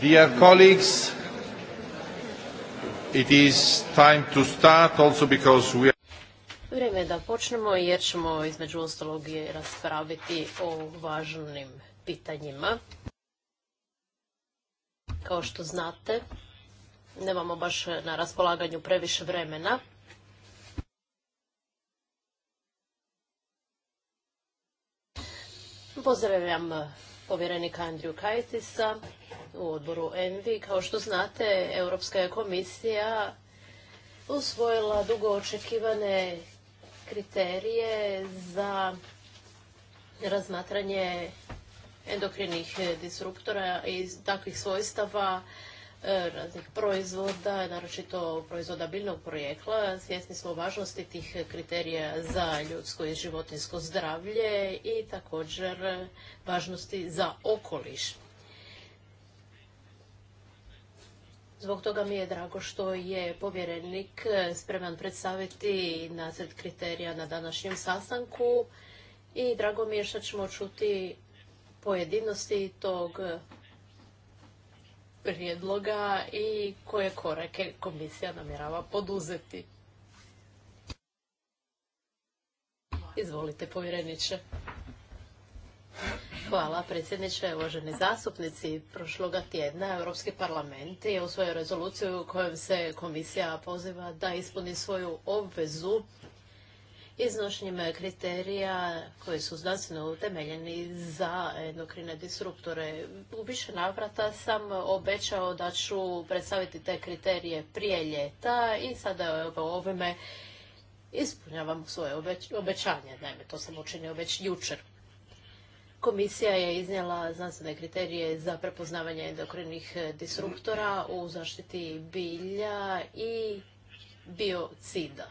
Dear colleagues, it is time to start also because we Vrijeme je da počnemo jer ćemo između ostalog raspraviti o važnim pitanjima. Kao što znate, nemamo baš na raspolaganju previše vremena. Pozdravljam povjerenika Andriju Kajtisa u odboru ENVI. Kao što znate, Europska je komisija usvojila dugo očekivane kriterije za razmatranje endokrinih disruptora i takvih svojstava E, raznih proizvoda, naročito proizvoda biljnog projekla. Svjesni smo važnosti tih kriterija za ljudsko i životinsko zdravlje i također važnosti za okoliš. Zbog toga mi je drago što je povjerenik spreman predstaviti nacrt kriterija na današnjem sastanku i drago mi je što ćemo čuti pojedinosti tog prijedloga i koje korake komisija namjerava poduzeti. Izvolite, povjereniče. Hvala, predsjedniče, uvaženi zastupnici. Prošloga tjedna Europski parlament je usvojio rezoluciju u kojom se komisija poziva da ispuni svoju obvezu Iznošenjima kriterija koji su znanstveno utemeljeni za endokrine disruptore. U više navrata sam obećao da ću predstaviti te kriterije prije ljeta i sada ovime ispunjavam svoje obećanje. Naime, to sam učinio već jučer. Komisija je iznijela znanstvene kriterije za prepoznavanje endokrinih disruptora u zaštiti bilja i biocida.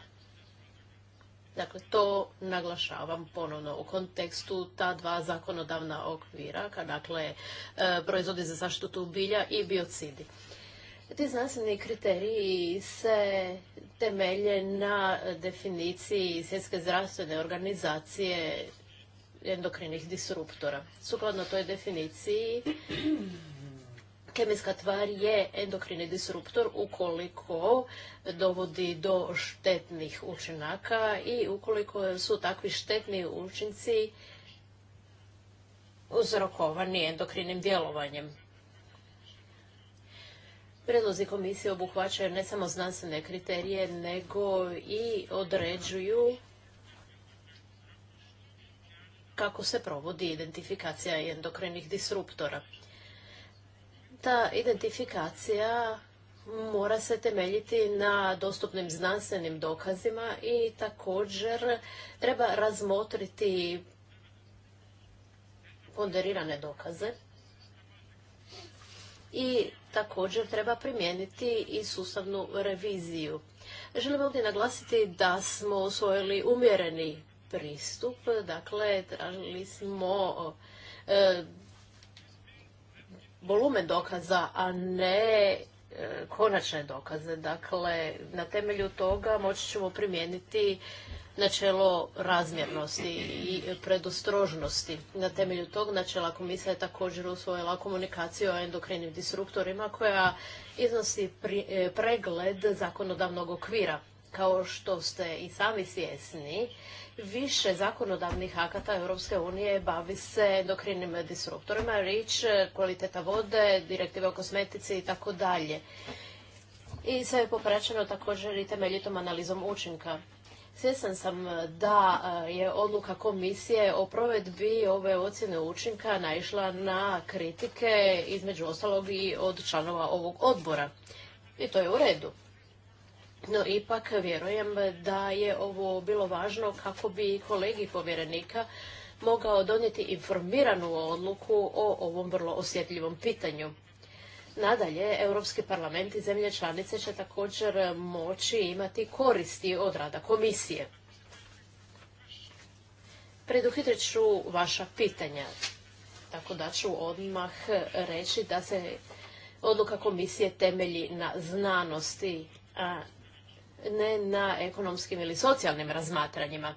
Dakle, to naglašavam ponovno u kontekstu ta dva zakonodavna okvira, dakle, e, proizvodi za zaštitu bilja i biocidi. Ti znanstveni kriteriji se temelje na definiciji Svjetske zdravstvene organizacije endokrinih disruptora. Sukladno toj definiciji kemijska tvar je endokrini disruptor ukoliko dovodi do štetnih učinaka i ukoliko su takvi štetni učinci uzrokovani endokrinim djelovanjem. Predlozi komisije obuhvaćaju ne samo znanstvene kriterije, nego i određuju kako se provodi identifikacija endokrinih disruptora ta identifikacija mora se temeljiti na dostupnim znanstvenim dokazima i također treba razmotriti ponderirane dokaze i također treba primijeniti i sustavnu reviziju. Želim ovdje naglasiti da smo osvojili umjereni pristup, dakle tražili smo e, volumen dokaza, a ne e, konačne dokaze. Dakle, na temelju toga moći ćemo primijeniti načelo razmjernosti i predostrožnosti. Na temelju tog načela komisija je također usvojila komunikaciju o endokrinim disruptorima koja iznosi e, pregled zakonodavnog okvira. Kao što ste i sami svjesni, više zakonodavnih akata Europske unije bavi se endokrinim disruptorima, rič, kvaliteta vode, direktive o kosmetici i tako dalje. I sve je popraćeno također i temeljitom analizom učinka. Svjesan sam da e, je odluka komisije o provedbi ove ocjene učinka naišla na kritike između ostalog i od članova ovog odbora. I to je u redu. No ipak vjerujem da je ovo bilo važno kako bi kolegi povjerenika mogao donijeti informiranu odluku o ovom vrlo osjetljivom pitanju. Nadalje, Europski parlament i zemlje članice će također moći imati koristi od rada komisije. Preduhitrit ću vaša pitanja, tako da ću odmah reći da se odluka komisije temelji na znanosti, a ne na ekonomskim ili socijalnim razmatranjima.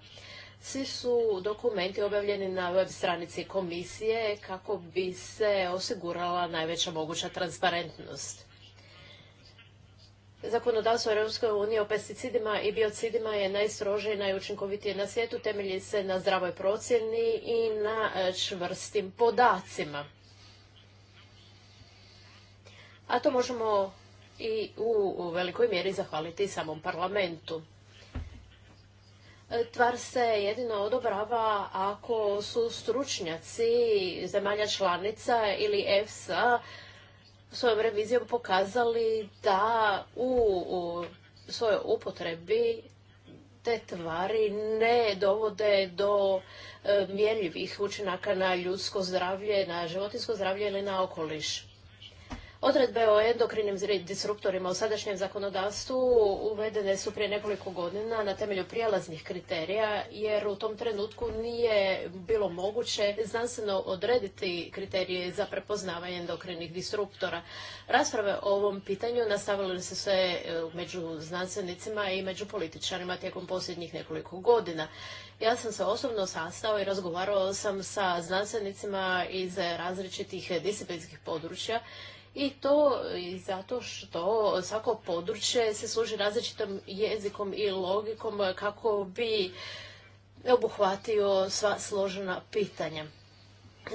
Svi su dokumenti objavljeni na web stranici komisije kako bi se osigurala najveća moguća transparentnost. Zakonodavstvo Europske unije o pesticidima i biocidima je najstrožije i najučinkovitije na svijetu, temelji se na zdravoj procjeni i na e, čvrstim podacima. A to možemo i u velikoj mjeri zahvaliti samom parlamentu. E, tvar se jedino odobrava ako su stručnjaci zemalja članica ili EFSA svojom revizijom pokazali da u svojoj upotrebi te tvari ne dovode do e, mjerljivih učinaka na ljudsko zdravlje, na životinsko zdravlje ili na okoliš. Odredbe o endokrinim disruptorima u sadašnjem zakonodavstvu uvedene su prije nekoliko godina na temelju prijelaznih kriterija, jer u tom trenutku nije bilo moguće znanstveno odrediti kriterije za prepoznavanje endokrinih disruptora. Rasprave o ovom pitanju nastavile su se e, među znanstvenicima i među političarima tijekom posljednjih nekoliko godina. Ja sam se osobno sastao i razgovarao sam sa znanstvenicima iz različitih disciplinskih područja i to i zato što svako područje se služi različitom jezikom i logikom kako bi obuhvatio sva složena pitanja.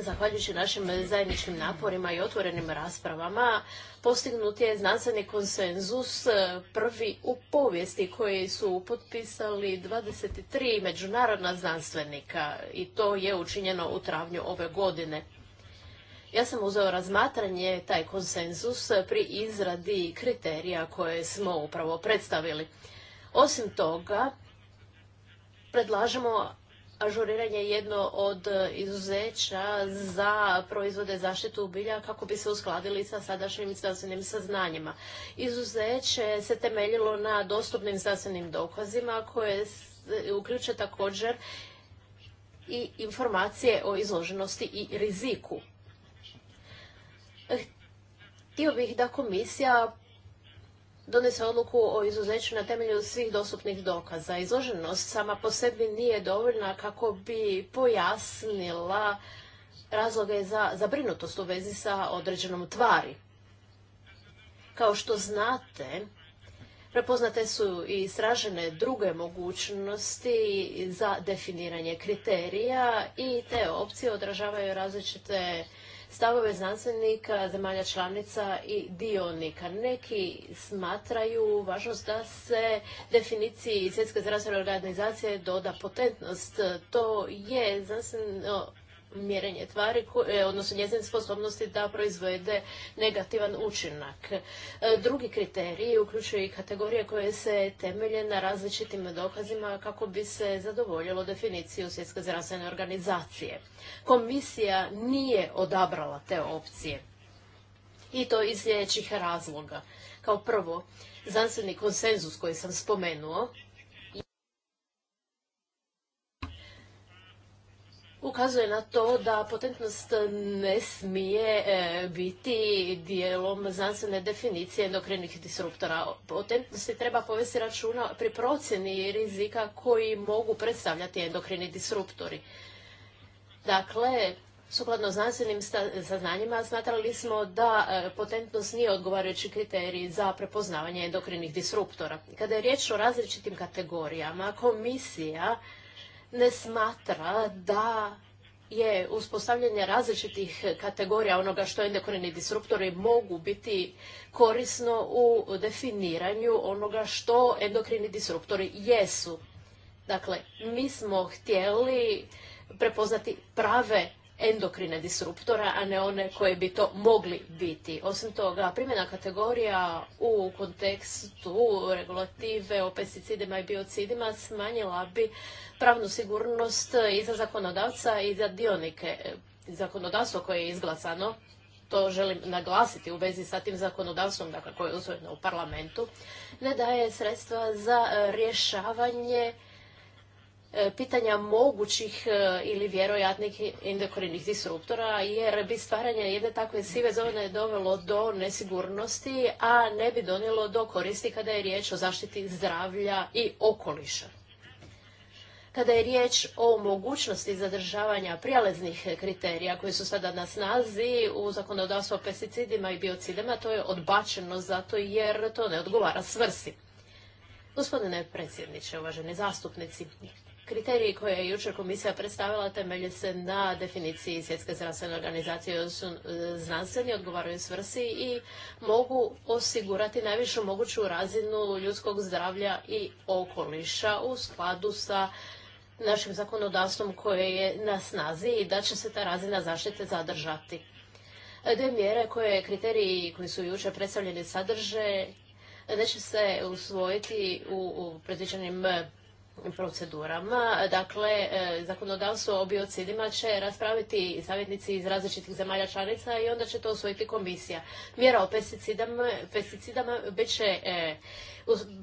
Zahvaljujući našim zajedničkim naporima i otvorenim raspravama, postignut je znanstveni konsenzus e, prvi u povijesti koji su potpisali 23 međunarodna znanstvenika i to je učinjeno u travnju ove godine. Ja sam uzeo razmatranje taj konsenzus e, pri izradi kriterija koje smo upravo predstavili. Osim toga, predlažemo ažuriranje jedno od izuzeća za proizvode zaštitu bilja kako bi se uskladili sa sadašnjim zdravstvenim saznanjima. Izuzeće se temeljilo na dostupnim znanstvenim dokazima koje e, uključe također i informacije o izloženosti i riziku. Eh, htio bih da komisija donese odluku o izuzeću na temelju svih dostupnih dokaza. Izloženost sama po sebi nije dovoljna kako bi pojasnila razloge za zabrinutost u vezi sa određenom tvari. Kao što znate, prepoznate su i sražene druge mogućnosti za definiranje kriterija i te opcije odražavaju različite stavove znanstvenika, zemalja članica i dionika. Neki smatraju važnost da se definiciji Svjetske zdravstvene organizacije doda potentnost. To je znanstveno mjerenje tvari, e, odnosno njezine sposobnosti da proizvede negativan učinak. E, drugi kriteriji uključuju i kategorije koje se temelje na različitim dokazima kako bi se zadovoljilo definiciju Svjetske zdravstvene organizacije. Komisija nije odabrala te opcije. I to iz sljedećih razloga. Kao prvo, znanstveni konsenzus koji sam spomenuo, ukazuje na to da potentnost ne smije e, biti dijelom znanstvene definicije endokrinih disruptora. Potentnosti treba povesti računa pri procjeni rizika koji mogu predstavljati endokrini disruptori. Dakle, Sukladno znanstvenim saznanjima smatrali smo da e, potentnost nije odgovarajući kriterij za prepoznavanje endokrinih disruptora. Kada je riječ o različitim kategorijama, komisija ne smatra da je uspostavljanje različitih kategorija onoga što endokrini disruptori mogu biti korisno u definiranju onoga što endokrini disruptori jesu. Dakle, mi smo htjeli prepoznati prave endokrine disruptora, a ne one koje bi to mogli biti. Osim toga, primjena kategorija u kontekstu regulative o pesticidima i biocidima smanjila bi pravnu sigurnost i za zakonodavca i za dionike. Zakonodavstvo koje je izglasano, to želim naglasiti u vezi sa tim zakonodavstvom dakle, koje je usvojeno u parlamentu, ne daje sredstva za rješavanje E, pitanja mogućih e, ili vjerojatnih endokrinih disruptora, jer bi stvaranje jedne takve sive zone dovelo do nesigurnosti, a ne bi donijelo do koristi kada je riječ o zaštiti zdravlja i okoliša. Kada je riječ o mogućnosti zadržavanja prijelaznih kriterija koji su sada na snazi u zakonodavstvu o pesticidima i biocidima, to je odbačeno zato jer to ne odgovara svrsi. Gospodine predsjedniče, uvaženi zastupnici, Kriteriji koje je jučer komisija predstavila temelje se na definiciji Svjetske zdravstvene organizacije su znanstveni, odgovaraju svrsi i mogu osigurati najvišu moguću razinu ljudskog zdravlja i okoliša u skladu sa našim zakonodavstvom koje je na snazi i da će se ta razina zaštite zadržati. Dve mjere koje kriteriji koji su jučer predstavljeni sadrže neće se usvojiti u, u predviđenim procedurama. Dakle, e, zakonodavstvo o biocidima će raspraviti savjetnici iz različitih zemalja članica i onda će to usvojiti komisija. Mjera o pesticidama, bit će e,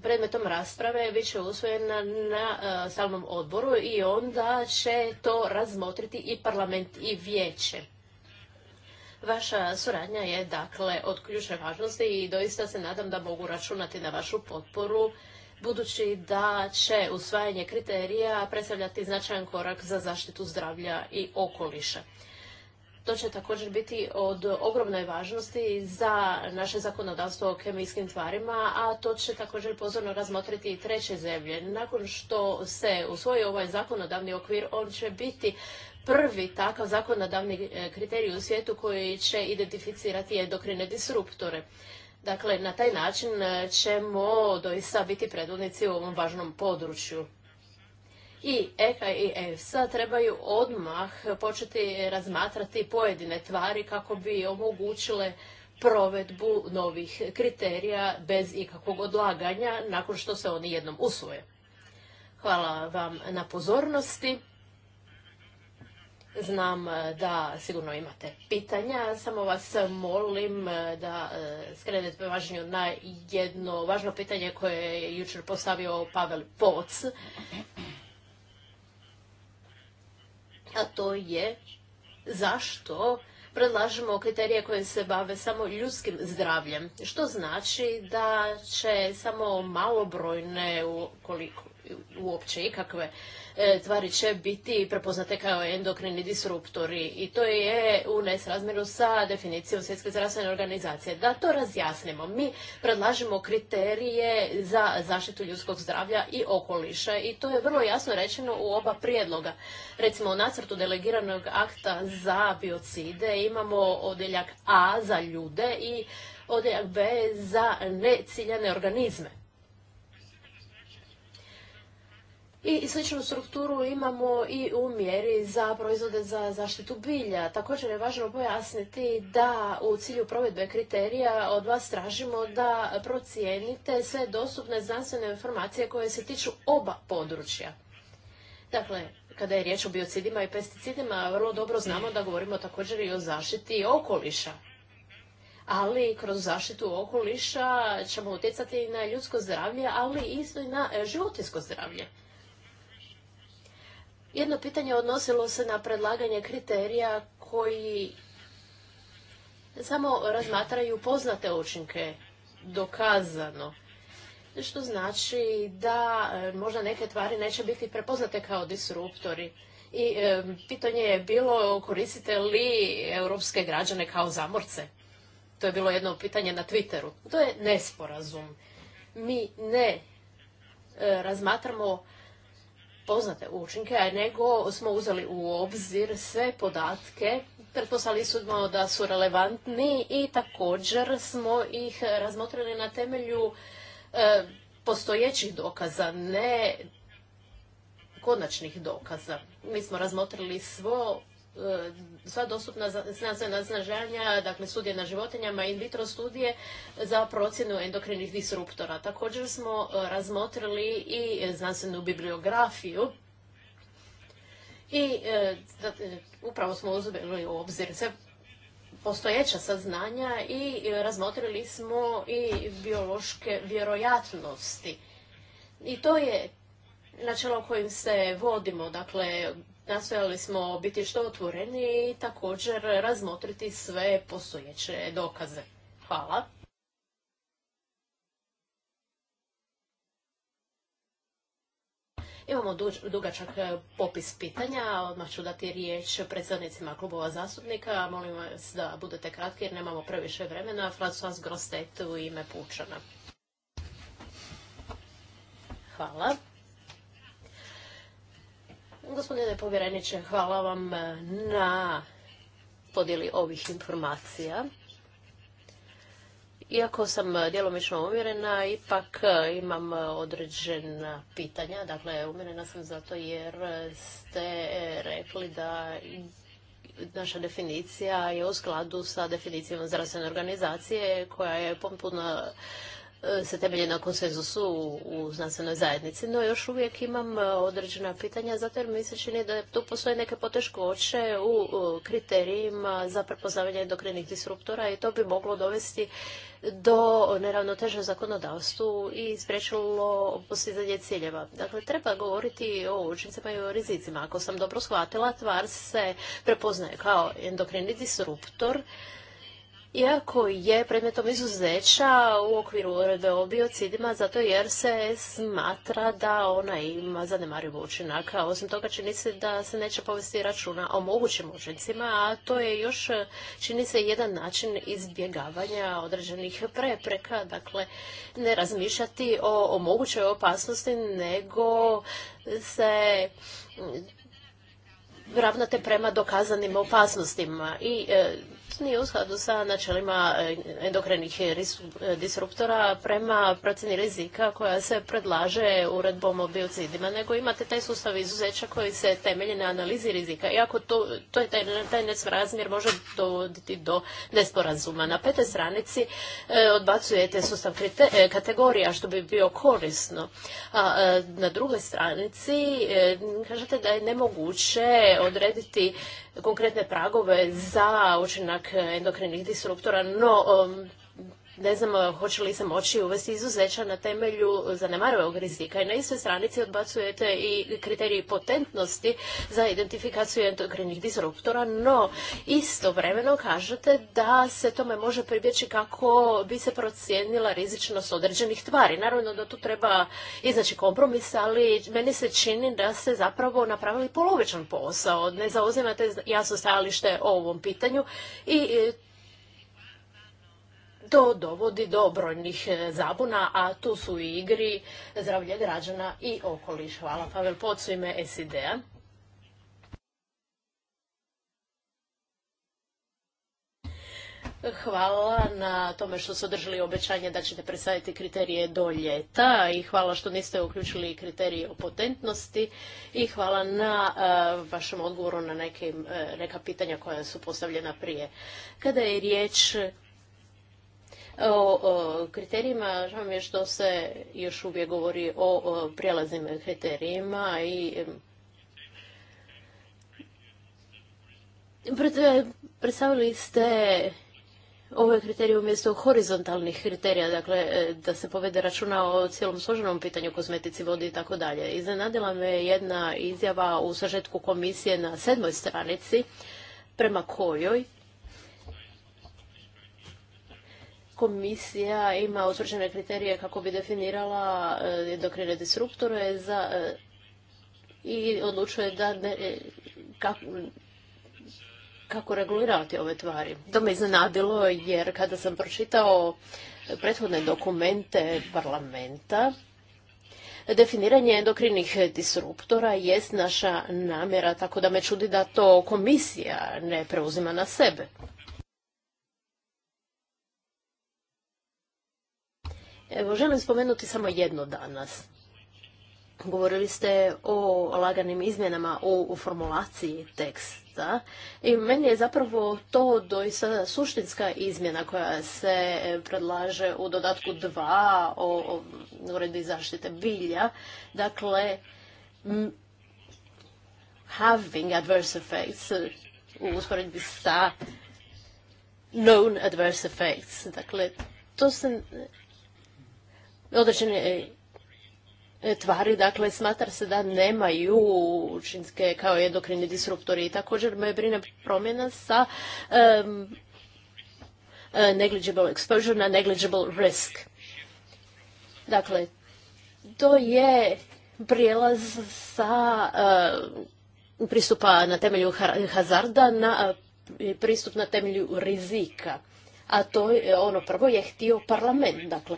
predmetom rasprave, bit će usvojena na e, samom odboru i onda će to razmotriti i parlament i vijeće. Vaša suradnja je dakle od ključne važnosti i doista se nadam da mogu računati na vašu potporu budući da će usvajanje kriterija predstavljati značajan korak za zaštitu zdravlja i okoliša. To će također biti od ogromne važnosti za naše zakonodavstvo o kemijskim tvarima, a to će također pozorno razmotriti i treće zemlje. Nakon što se usvoji ovaj zakonodavni okvir, on će biti prvi takav zakonodavni e, kriterij u svijetu koji će identificirati endokrine disruptore. Dakle, na taj način e, ćemo doista biti predvodnici u ovom važnom području. I EK i EFSA trebaju odmah početi razmatrati pojedine tvari kako bi omogućile provedbu novih kriterija bez ikakvog odlaganja nakon što se oni jednom usvoje. Hvala vam na pozornosti. Znam e, da sigurno imate pitanja, samo vas molim e, da e, skrenete pažnju na jedno važno pitanje koje je jučer postavio Pavel Poc. A to je zašto predlažemo kriterije koje se bave samo ljudskim zdravljem, što znači da će samo malobrojne ukoliko uopće ikakve E, tvari će biti prepoznate kao endokrini disruptori i to je u nesrazmjeru sa definicijom Svjetske zdravstvene organizacije. Da to razjasnimo, mi predlažimo kriterije za zaštitu ljudskog zdravlja i okoliša i to je vrlo jasno rečeno u oba prijedloga. Recimo u nacrtu delegiranog akta za biocide imamo odjeljak A za ljude i odjeljak B za neciljane organizme. I sličnu strukturu imamo i u mjeri za proizvode za zaštitu bilja. Također je važno pojasniti da u cilju provedbe kriterija od vas tražimo da procijenite sve dostupne znanstvene informacije koje se tiču oba područja. Dakle, kada je riječ o biocidima i pesticidima, vrlo dobro znamo da govorimo također i o zaštiti okoliša. Ali kroz zaštitu okoliša ćemo utjecati i na ljudsko zdravlje, ali isto i na životinsko zdravlje. Jedno pitanje odnosilo se na predlaganje kriterija koji samo razmatraju poznate učinke, dokazano. Što znači da e, možda neke tvari neće biti prepoznate kao disruptori. I e, pitanje je bilo koristite li europske građane kao zamorce. To je bilo jedno pitanje na Twitteru. To je nesporazum. Mi ne e, razmatramo poznate učinke, nego smo uzeli u obzir sve podatke, pretpostavili smo da su relevantni i također smo ih razmotrili na temelju e, postojećih dokaza, ne konačnih dokaza. Mi smo razmotrili svo E, sva dostupna znanstvena znaženja dakle studije na životinjama, in vitro studije za procjenu endokrinih disruptora. Također smo e, razmotrili i znanstvenu bibliografiju i e, upravo smo uzeli u obzir sve postojeća saznanja i razmotrili smo i biološke vjerojatnosti. I to je načelo kojim se vodimo, dakle Nastojali smo biti što otvoreni i također razmotriti sve postojeće dokaze. Hvala. Imamo dugačak e, popis pitanja, odmah ću dati riječ predstavnicima klubova zastupnika. Molim vas da budete kratki jer nemamo previše vremena. François Grostet u ime Pučana. Hvala. Gospodine povjereniče, hvala vam eh, na podjeli ovih informacija. Iako sam eh, djelomično uvjerena, ipak eh, imam određena pitanja. Dakle, uvjerena sam zato jer ste rekli da naša definicija je u skladu sa definicijom zdravstvene organizacije koja je potpuno E, se temelje na konsenzusu u znanstvenoj zajednici, no još uvijek imam e, određena pitanja, zato jer mi se čini da tu postoje neke poteškoće u kriterijima za prepoznavanje endokrinih disruptora i to bi moglo dovesti do neravnoteže zakonodavstvu i spriječilo postizanje ciljeva. Dakle, treba govoriti o učincima i o rizicima. Ako sam dobro shvatila, tvar se prepoznaje kao endokrini disruptor, iako je predmetom izuzeća u okviru uredbe o biocidima, zato jer se smatra da ona ima zanemariv učinak. Osim toga čini se da se neće povesti računa o mogućim učincima, a to je još, čini se, jedan način izbjegavanja određenih prepreka, dakle ne razmišljati o, mogućoj opasnosti, nego se ravnate prema dokazanim opasnostima i e, nije u skladu sa načelima eh, endokrenih eh, disruptora prema procjeni rizika koja se predlaže uredbom o biocidima, nego imate taj sustav izuzeća koji se temelji na analizi rizika. Iako to, je taj, taj nesrazmjer može dovoditi do nesporazuma. Na petoj stranici eh, odbacujete sustav kategorija što bi bio korisno. A, na drugoj stranici kažete da je nemoguće odrediti konkretne pragove za učinak endokrinih disruptora, no ne znam eh, hoće li se moći uvesti izuzeća na temelju zanemarivog rizika. I na istoj stranici odbacujete i kriteriji potentnosti za identifikaciju endokrinih disruptora, no istovremeno kažete da se tome može pribjeći kako bi se procijenila rizičnost određenih tvari. Naravno da tu treba iznaći kompromis, ali meni se čini da ste zapravo napravili polovičan posao. Ne zauzimate jasno stajalište o ovom pitanju i eh, to dovodi do brojnih e, zabuna, a tu su i igri zdravlje građana i okoliš. Hvala Pavel Pocu, ime SID-a. Hvala na tome što su održali obećanje da ćete predstaviti kriterije do ljeta i hvala što niste uključili kriterije o potentnosti i hvala na e, vašem odgovoru na e, neka pitanja koja su postavljena prije. Kada je riječ o, kriterijima, žao mi je što se još uvijek govori o, o prijelaznim kriterijima i e, predstavili ste ove ovaj kriterije umjesto horizontalnih kriterija, dakle e, da se povede računa o cijelom složenom pitanju kozmetici, vodi i tako dalje. Iznenadila me jedna izjava u sažetku komisije na sedmoj stranici prema kojoj komisija ima utvrđene kriterije kako bi definirala e, endokrine disruptore e, i odlučuje da e, kako, regulirati ove tvari. To me iznenadilo jer kada sam pročitao prethodne dokumente parlamenta, definiranje endokrinih disruptora jest naša namjera, tako da me čudi da to komisija ne preuzima na sebe. Evo, želim spomenuti samo jedno danas. Govorili ste o laganim izmjenama u formulaciji teksta i meni je zapravo to doista suštinska izmjena koja se predlaže u dodatku 2 o, o uredbi zaštite bilja. Dakle, having adverse effects u usporedbi sa known adverse effects. Dakle, to se određene e, e, tvari, dakle smatra se da nemaju učinske kao endokrini disruptori i također me brine promjena sa e, negligible exposure na negligible risk. Dakle, to je prijelaz sa pristupa na temelju hazarda na pristup na temelju rizika. A to je ono prvo je htio parlament. Dakle,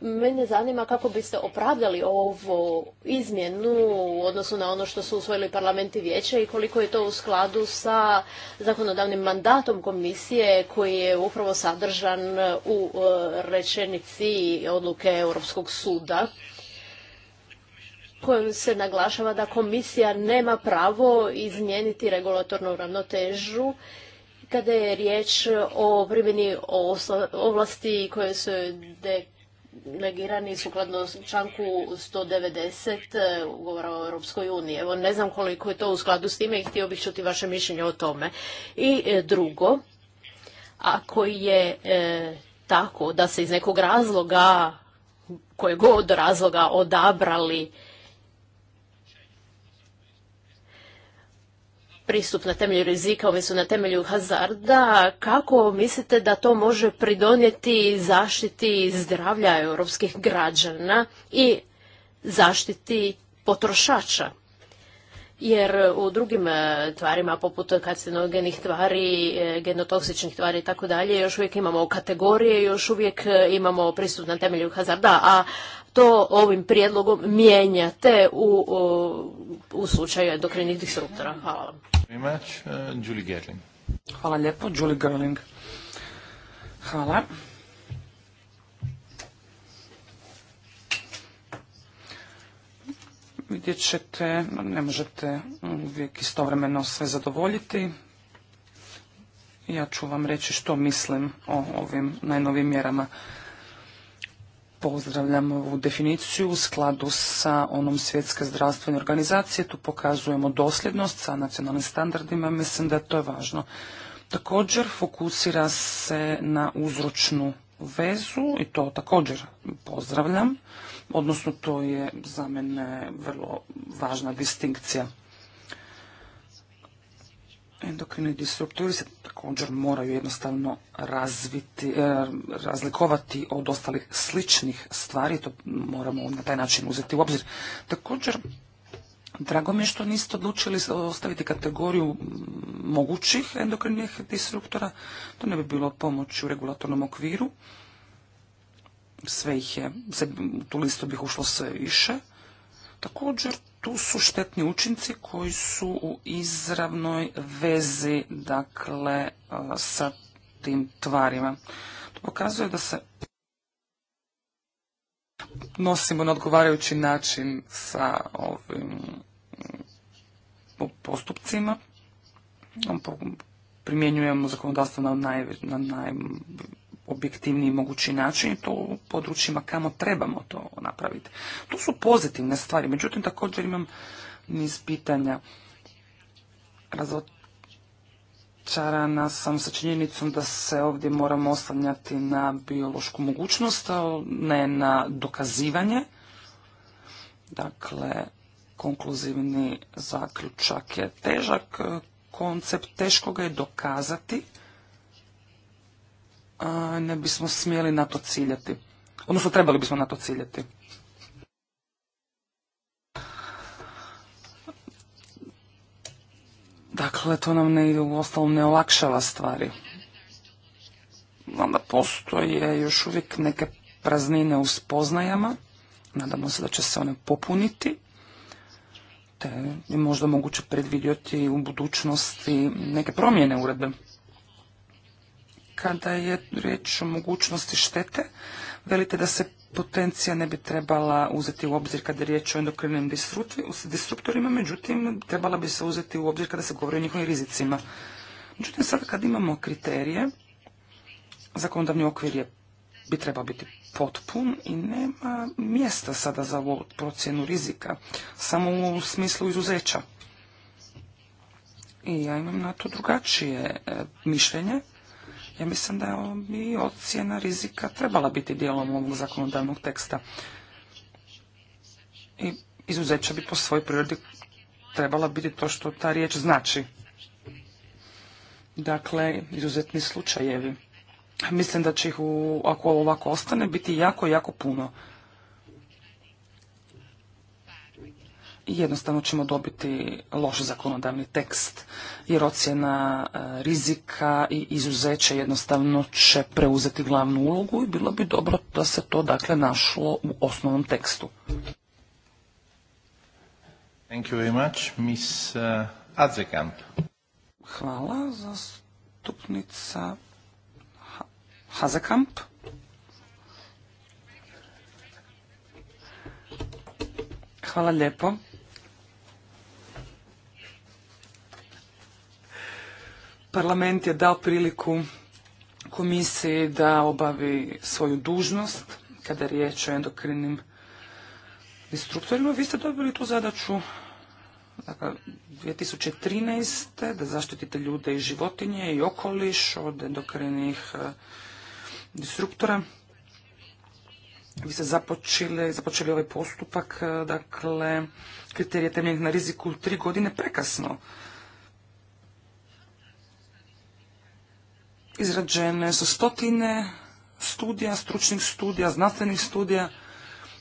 Mene zanima kako biste opravdali ovu izmjenu u odnosu na ono što su usvojili parlamenti vijeća vijeće i koliko je to u skladu sa zakonodavnim mandatom komisije koji je upravo sadržan u e, rečenici odluke Europskog suda kojom se naglašava da komisija nema pravo izmijeniti regulatornu ravnotežu kada je riječ o primjeni ovlasti koje su de negirani sukladno članku 190 e, ugovora o Europskoj uniji. Evo ne znam koliko je to u skladu s time i htio bih čuti vaše mišljenje o tome. I e, drugo, ako je e, tako da se iz nekog razloga, kojeg god razloga odabrali pristup na temelju rizika, su na temelju hazarda, kako mislite da to može pridonijeti zaštiti zdravlja europskih građana i zaštiti potrošača? Jer u drugim e, tvarima, poput karcinogenih tvari, e, genotoksičnih tvari i tako dalje, još uvijek imamo kategorije, još uvijek e, imamo pristup na temelju hazarda, a to ovim prijedlogom mijenjate u, u, u slučaju endokrinih disruptora? Hvala vam. Uh, Hvala lijepo, Julie Gerling. Hvala. Vidjet ćete, ne možete uvijek istovremeno sve zadovoljiti. Ja ću vam reći što mislim o ovim najnovim mjerama. Pozdravljam ovu definiciju u skladu sa onom svjetske zdravstvene organizacije. Tu pokazujemo dosljednost sa nacionalnim standardima. Mislim da to je važno. Također fokusira se na uzročnu vezu i to također pozdravljam. Odnosno to je za mene vrlo važna distinkcija. Endokrini disruptori se također moraju jednostavno razviti, e, razlikovati od ostalih sličnih stvari, to moramo na taj način uzeti u obzir. Također, drago mi je što niste odlučili ostaviti kategoriju mogućih endokrinih disruptora, to ne bi bilo pomoć u regulatornom okviru, sve ih je, u tu listu bih ušlo sve više. Također tu su štetni učinci koji su u izravnoj vezi dakle e, sa tim tvarima. To pokazuje da se nosimo na odgovarajući način sa ovim mm, postupcima. Primjenjujemo zakonodavstvo na, naj, na objektivniji mogući način i to u područjima kamo trebamo to napraviti. To su pozitivne stvari, međutim također imam niz pitanja. Razočarana sam sa činjenicom da se ovdje moramo oslanjati na biološku mogućnost, a ne na dokazivanje. Dakle, konkluzivni zaključak je težak, koncept teško ga je dokazati ne bismo smjeli na to ciljati. Odnosno, trebali bismo na to ciljati. Dakle, to nam ne, u ostalom ne olakšava stvari. Onda postoje još uvijek neke praznine u spoznajama. Nadamo se da će se one popuniti. Te je možda moguće predvidjeti u budućnosti neke promjene uredbe kada je riječ o mogućnosti štete, velite da se potencija ne bi trebala uzeti u obzir kada je riječ o endokrinim disruptorima, međutim trebala bi se uzeti u obzir kada se govori o njihovim rizicima. Međutim, sad kad imamo kriterije, zakonodavni okvir je, bi trebao biti potpun i nema mjesta sada za ovu procjenu rizika, samo u smislu izuzeća. I ja imam na to drugačije e, mišljenje. Ja mislim da bi ocjena rizika trebala biti dijelom ovog zakonodavnog teksta. I izuzeća bi po svojoj prirodi trebala biti to što ta riječ znači. Dakle, izuzetni slučajevi. Mislim da će ih, ako ovako ostane, biti jako, jako puno. jednostavno ćemo dobiti loš zakonodavni tekst, jer ocjena e, rizika i izuzeće jednostavno će preuzeti glavnu ulogu i bilo bi dobro da se to dakle našlo u osnovnom tekstu. Thank you very uh, Hvala, Hazekamp. Hvala lijepo. Parlament je dao priliku komisiji da obavi svoju dužnost kada je riječ o endokrinim instruktorima. Vi ste dobili tu zadaću dakle, 2013. da zaštitite ljude i životinje i okoliš od endokrinih e, instruktora. Vi ste započeli, ovaj postupak, e, dakle, kriterije temeljnih na riziku tri godine prekasno. Izrađene su stotine studija, stručnih studija, znanstvenih studija,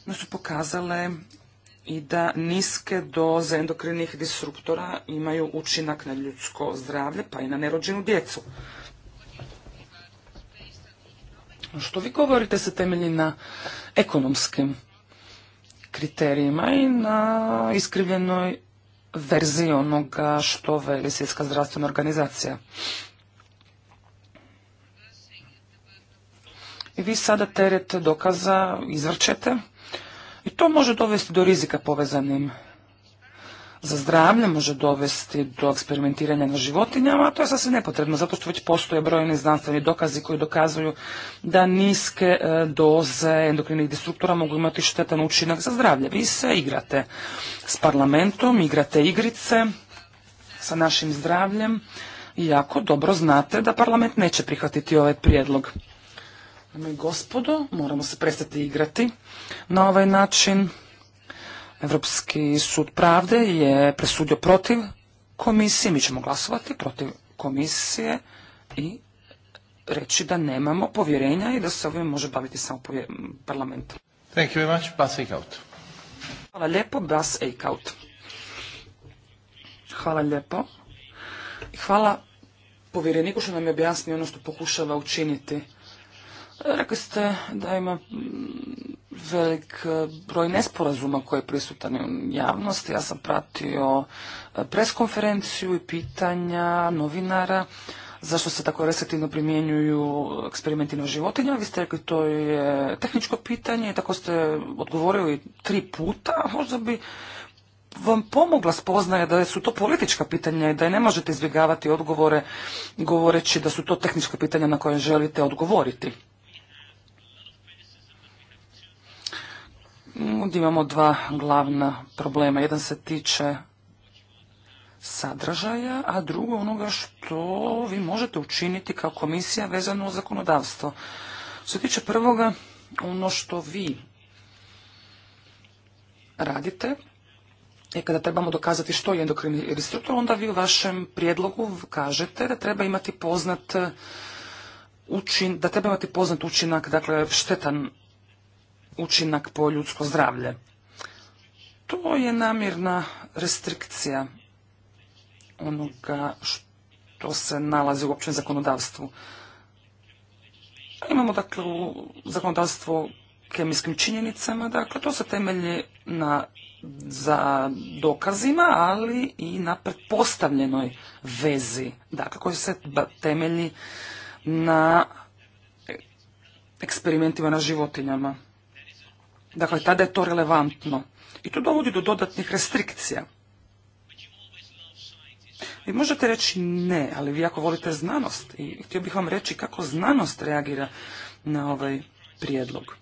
da su pokazale i da niske doze endokrinih disruptora imaju učinak na ljudsko zdravlje, pa i na nerođenu djecu. Što vi govorite se temelji na ekonomskim kriterijima i na iskrivljenoj verziji onoga što veli Svjetska zdravstvena organizacija. i vi sada teret dokaza izvrćete i to može dovesti do rizika povezanim za zdravlje, može dovesti do eksperimentiranja na životinjama, a to je sasvim nepotrebno, zato što već postoje brojni znanstveni dokazi koji dokazuju da niske e, doze endokrinih destruktora mogu imati štetan učinak za zdravlje. Vi se igrate s parlamentom, igrate igrice sa našim zdravljem i jako dobro znate da parlament neće prihvatiti ovaj prijedlog. Dame i gospodo, moramo se prestati igrati na ovaj način. Evropski sud pravde je presudio protiv komisije, mi ćemo glasovati protiv komisije i reći da nemamo povjerenja i da se ovim može baviti samo parlament. Thank you very much, Bas out. Hvala lijepo, Bas Hvala lijepo. Hvala povjereniku što nam je objasnio ono što pokušava učiniti. Rekli ste da ima mm, velik e, broj nesporazuma koji je prisutan u javnosti. Ja sam pratio e, preskonferenciju i pitanja novinara zašto se tako restriktivno primjenjuju eksperimenti na životinja. Vi ste rekli to je tehničko pitanje i tako ste odgovorili tri puta. Možda bi vam pomogla spoznaje da su to politička pitanja i da ne možete izbjegavati odgovore govoreći da su to tehnička pitanja na koje želite odgovoriti. Ovdje imamo dva glavna problema. Jedan se tiče sadržaja, a drugo onoga što vi možete učiniti kao komisija vezano u zakonodavstvo. Što se tiče prvoga, ono što vi radite, je kada trebamo dokazati što je endokrini restruktor, onda vi u vašem prijedlogu kažete da treba imati poznat da treba imati poznat učinak, dakle štetan učinak po ljudsko zdravlje. To je namjerna restrikcija onoga što se nalazi u općem zakonodavstvu. Imamo dakle u zakonodavstvo kemijskim činjenicama, dakle to se temelji na za dokazima, ali i na pretpostavljenoj vezi, dakle koji se temelji na eksperimentima na životinjama. Dakle, tada je to relevantno. I to dovodi do dodatnih restrikcija. Vi možete reći ne, ali vi ako volite znanost i htio bih vam reći kako znanost reagira na ovaj prijedlog.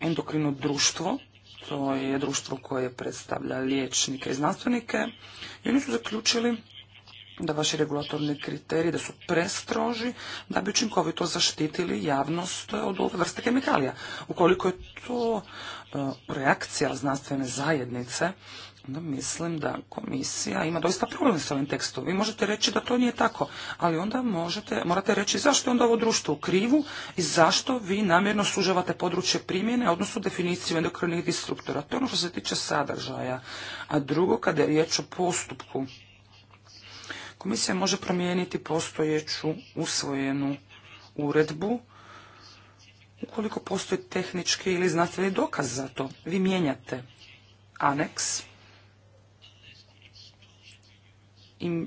Endokrino društvo, to je društvo koje predstavlja liječnike i znanstvenike, i oni su zaključili da vaši regulatorni kriteriji da su prestroži da bi učinkovito zaštitili javnost od ove vrste kemikalija. Ukoliko je to e, reakcija znanstvene zajednice, onda mislim da komisija ima doista problem s ovim tekstom. Vi možete reći da to nije tako, ali onda možete, morate reći zašto je onda ovo društvo u krivu i zašto vi namjerno sužavate područje primjene, odnosno definiciju endokrinih disruptora. To je ono što se tiče sadržaja. A drugo, kada je riječ o postupku, Komisija može promijeniti postojeću usvojenu uredbu ukoliko postoji tehnički ili znanstveni dokaz za to. Vi mijenjate aneks i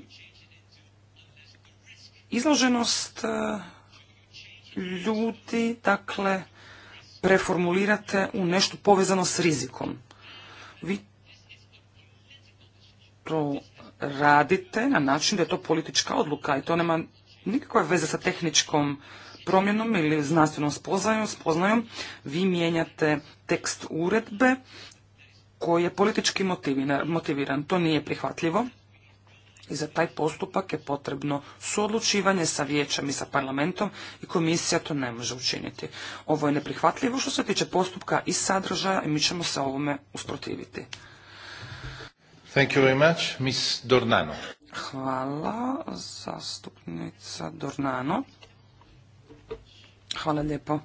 izloženost e, ljudi, dakle, preformulirate u nešto povezano s rizikom. Vi to radite na način da je to politička odluka i to nema nikakve veze sa tehničkom promjenom ili znanstvenom spoznajom, spoznajom vi mijenjate tekst uredbe koji je politički motiviran. To nije prihvatljivo i za taj postupak je potrebno suodlučivanje sa vijećem i sa parlamentom i komisija to ne može učiniti. Ovo je neprihvatljivo što se tiče postupka i sadržaja i mi ćemo se ovome usprotiviti. Thank you very much. Dornano. Hvala, zastupnica Dornano. Hvala lijepo.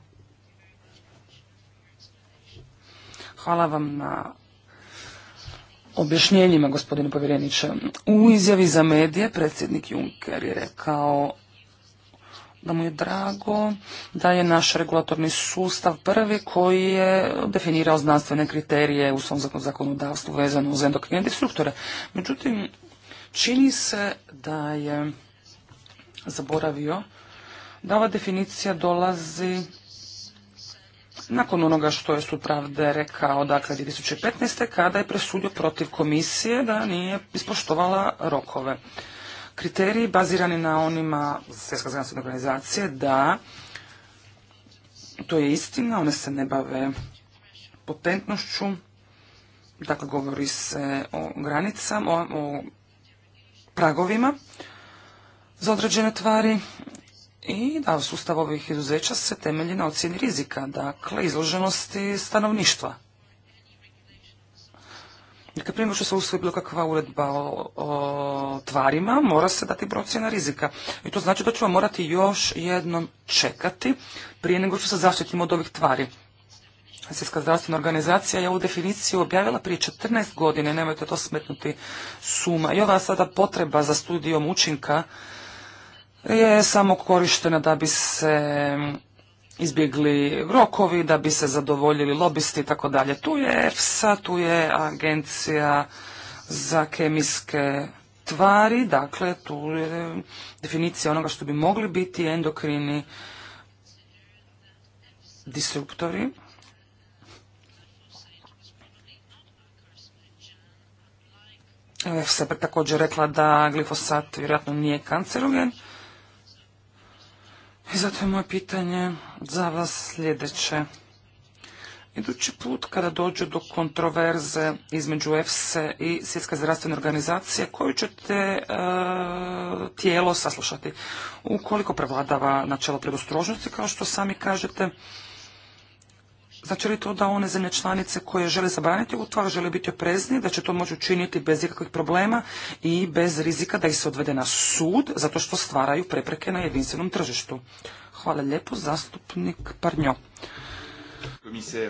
Hvala vam na objašnjenjima, gospodine povjereniče. U izjavi za medije predsjednik Juncker je rekao da mu je drago da je naš regulatorni sustav prvi koji je definirao znanstvene kriterije u svom zakonodavstvu vezano uz endokrine destruktore. Međutim, čini se da je zaboravio da ova definicija dolazi nakon onoga što je Supravde rekao, dakle, 2015. kada je presudio protiv komisije da nije ispoštovala rokove kriteriji bazirani na onima Svjetska zdravstvena organizacije da to je istina, one se ne bave potentnošću, dakle govori se o granicama, o, o pragovima za određene tvari i da sustav ovih izuzeća se temelji na ocjeni rizika, dakle izloženosti stanovništva. Dakle, prije što se usvoji bilo kakva uredba o, tvarima, mora se dati procjena rizika. I to znači da ćemo morati još jednom čekati prije nego što se zaštitimo od ovih tvari. Svjetska zdravstvena organizacija je ovu definiciju objavila prije 14 godine, nemojte to smetnuti suma. I ova sada potreba za studijom učinka je samo korištena da bi se izbjegli rokovi, da bi se zadovoljili lobisti i tako dalje. Tu je EFSA, tu je Agencija za kemijske tvari, dakle tu je definicija onoga što bi mogli biti endokrini disruptori. EFSA također rekla da glifosat vjerojatno nije kancerogen. I zato je moje pitanje za vas sljedeće. Idući put kada dođe do kontroverze između EFSE i Svjetske zdravstvene organizacije, koju ćete e, tijelo saslušati? Ukoliko prevladava načelo predostrožnosti, kao što sami kažete, Znači li to da one zemlje članice koje žele zabraniti ovu tvar žele biti oprezni, da će to moći učiniti bez ikakvih problema i bez rizika da ih se odvede na sud zato što stvaraju prepreke na jedinstvenom tržištu? Hvala lijepo, zastupnik Parnjo. Komisar,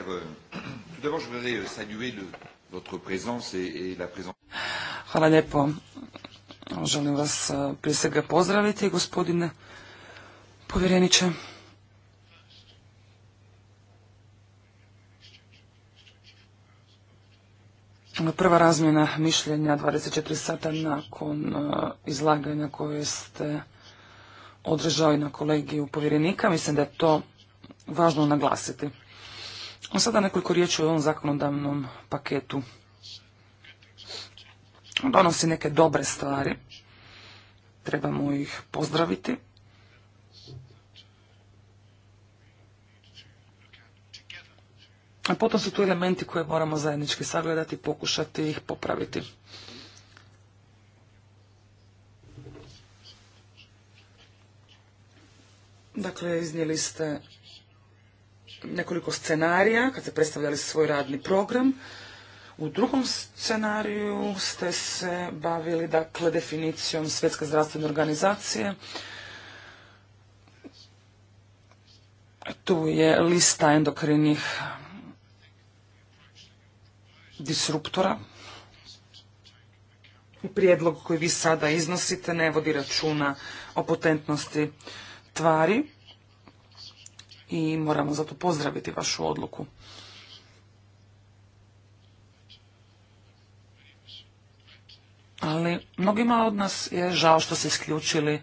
euh, euh, Hvala lijepo. Želim vas euh, prije svega pozdraviti, gospodine povjereniče. Prva razmjena mišljenja 24 sata nakon e, izlaganja koje ste održali na kolegiju povjerenika. Mislim da je to važno naglasiti. Sada nekoliko riječi o ovom zakonodavnom paketu. Donosi neke dobre stvari. Trebamo ih pozdraviti. A potom su tu elementi koje moramo zajednički sagledati i pokušati ih popraviti. Dakle, iznijeli ste nekoliko scenarija kad ste predstavljali svoj radni program. U drugom scenariju ste se bavili dakle, definicijom Svjetske zdravstvene organizacije. Tu je lista endokrinih disruptora. Prijedlog koji vi sada iznosite ne vodi računa o potentnosti tvari i moramo zato pozdraviti vašu odluku. Ali mnogima od nas je žao što se isključili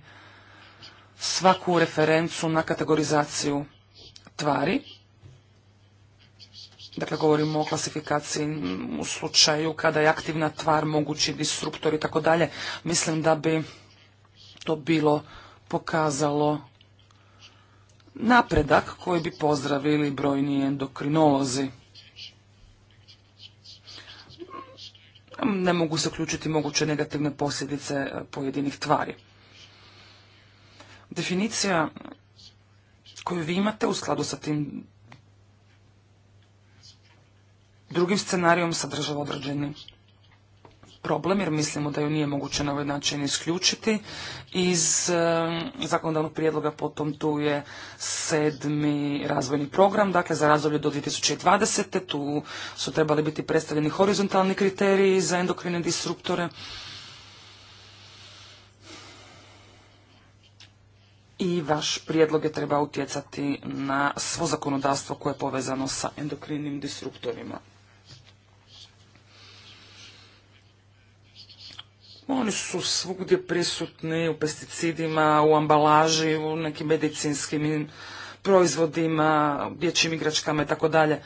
svaku referencu na kategorizaciju tvari Dakle, govorimo o klasifikaciji u slučaju kada je aktivna tvar, mogući disruptor i tako dalje. Mislim da bi to bilo pokazalo napredak koji bi pozdravili brojni endokrinolozi. Ne mogu se uključiti moguće negativne posljedice eh, pojedinih tvari. Definicija koju vi imate u skladu sa tim drugim scenarijom sadržava određeni problem jer mislimo da ju nije moguće na ovaj način isključiti. Iz eh, zakonodavnog prijedloga potom tu je sedmi razvojni program, dakle za razdoblje do 2020. Tu su trebali biti predstavljeni horizontalni kriteriji za endokrine disruptore. I vaš prijedlog je treba utjecati na svo zakonodavstvo koje je povezano sa endokrinim disruptorima. Oni su svugdje prisutni u pesticidima, u ambalaži, u nekim medicinskim proizvodima, dječjim igračkama i tako dalje.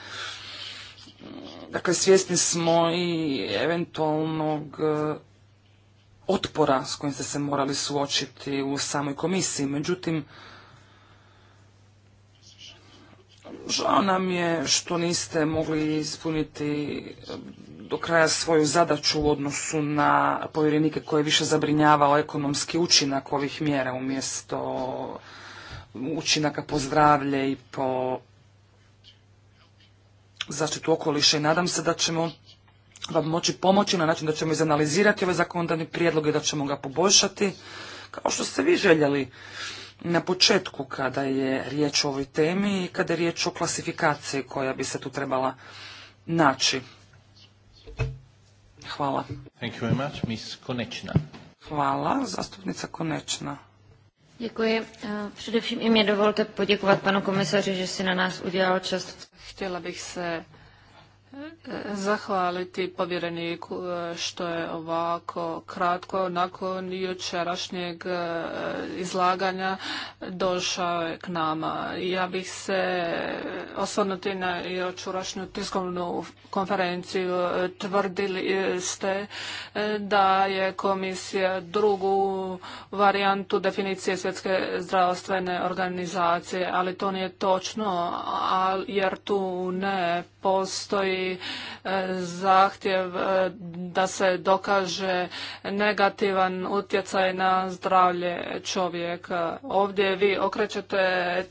Dakle, svjesni smo i eventualnog e, otpora s kojim ste se morali suočiti u samoj komisiji. Međutim, žao nam je što niste mogli ispuniti do kraja svoju zadaću u odnosu na povjerenike koje je više zabrinjavao ekonomski učinak ovih mjera umjesto učinaka po zdravlje i po zaštitu okoliša i nadam se da ćemo vam moći pomoći na način da ćemo izanalizirati ove zakonodavne prijedloge, da ćemo ga poboljšati, kao što ste vi željeli na početku kada je riječ o ovoj temi i kada je riječ o klasifikaciji koja bi se tu trebala naći. Hvala. Thank you very much, Miss Konečna. Hvala, zastupnica Konečna. Děkuji. Eh, především i mě dovolte poděkovat panu komisaři, že si na nás udělal čas. Chtěla bych se zahvaliti povjereniku e, što je ovako kratko nakon jučerašnjeg e, izlaganja došao je k nama. Ja bih se osvrnuti na jučerašnju tiskovnu konferenciju. Tvrdili e, ste da je komisija drugu varijantu definicije svjetske zdravstvene organizacije, ali to nije točno, jer tu ne postoji E, zahtjev e, da se dokaže negativan utjecaj na zdravlje čovjeka. Ovdje vi okrećete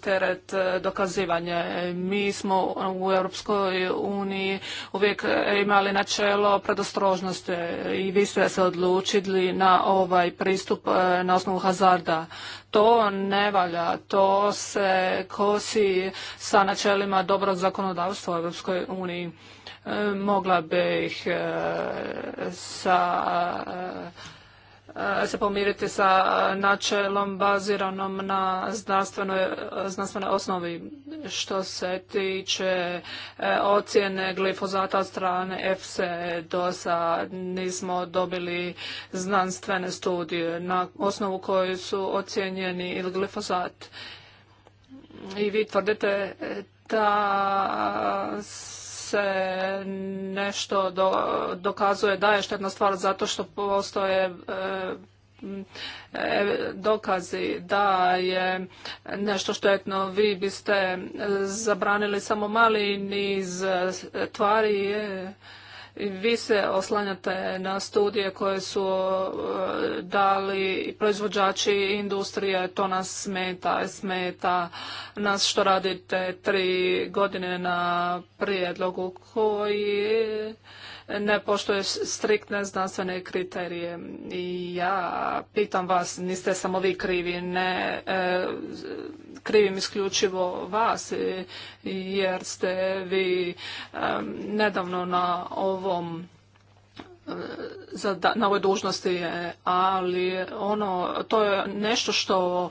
teret dokazivanja. Mi smo u Europskoj uniji uvijek imali načelo predostrožnosti i vi ste se odlučili na ovaj pristup e, na osnovu hazarda. To ne valja, to se kosi sa načelima dobrog zakonodavstva u Europskoj uniji. E, mogla bih e, sa e, se pomiriti sa načelom baziranom na znanstvenoj, znanstvenoj osnovi što se tiče ocjene glifozata od strane EFSE. Do sad nismo dobili znanstvene studije na osnovu koje su ocjenjeni ili glifozat. I vi tvrdite da se nešto dokazuje da je štetna stvar zato što postoje e, e, dokazi da je nešto štetno. Vi biste zabranili samo mali niz tvari. Je vi se oslanjate na studije koje su e, dali proizvođači industrije, to nas smeta, smeta nas što radite tri godine na prijedlogu koji ne je striktne znanstvene kriterije. I ja pitam vas, niste samo vi krivi, ne e, krivim isključivo vas, e, jer ste vi e, nedavno na ovom na ovoj dužnosti, ali ono, to je nešto što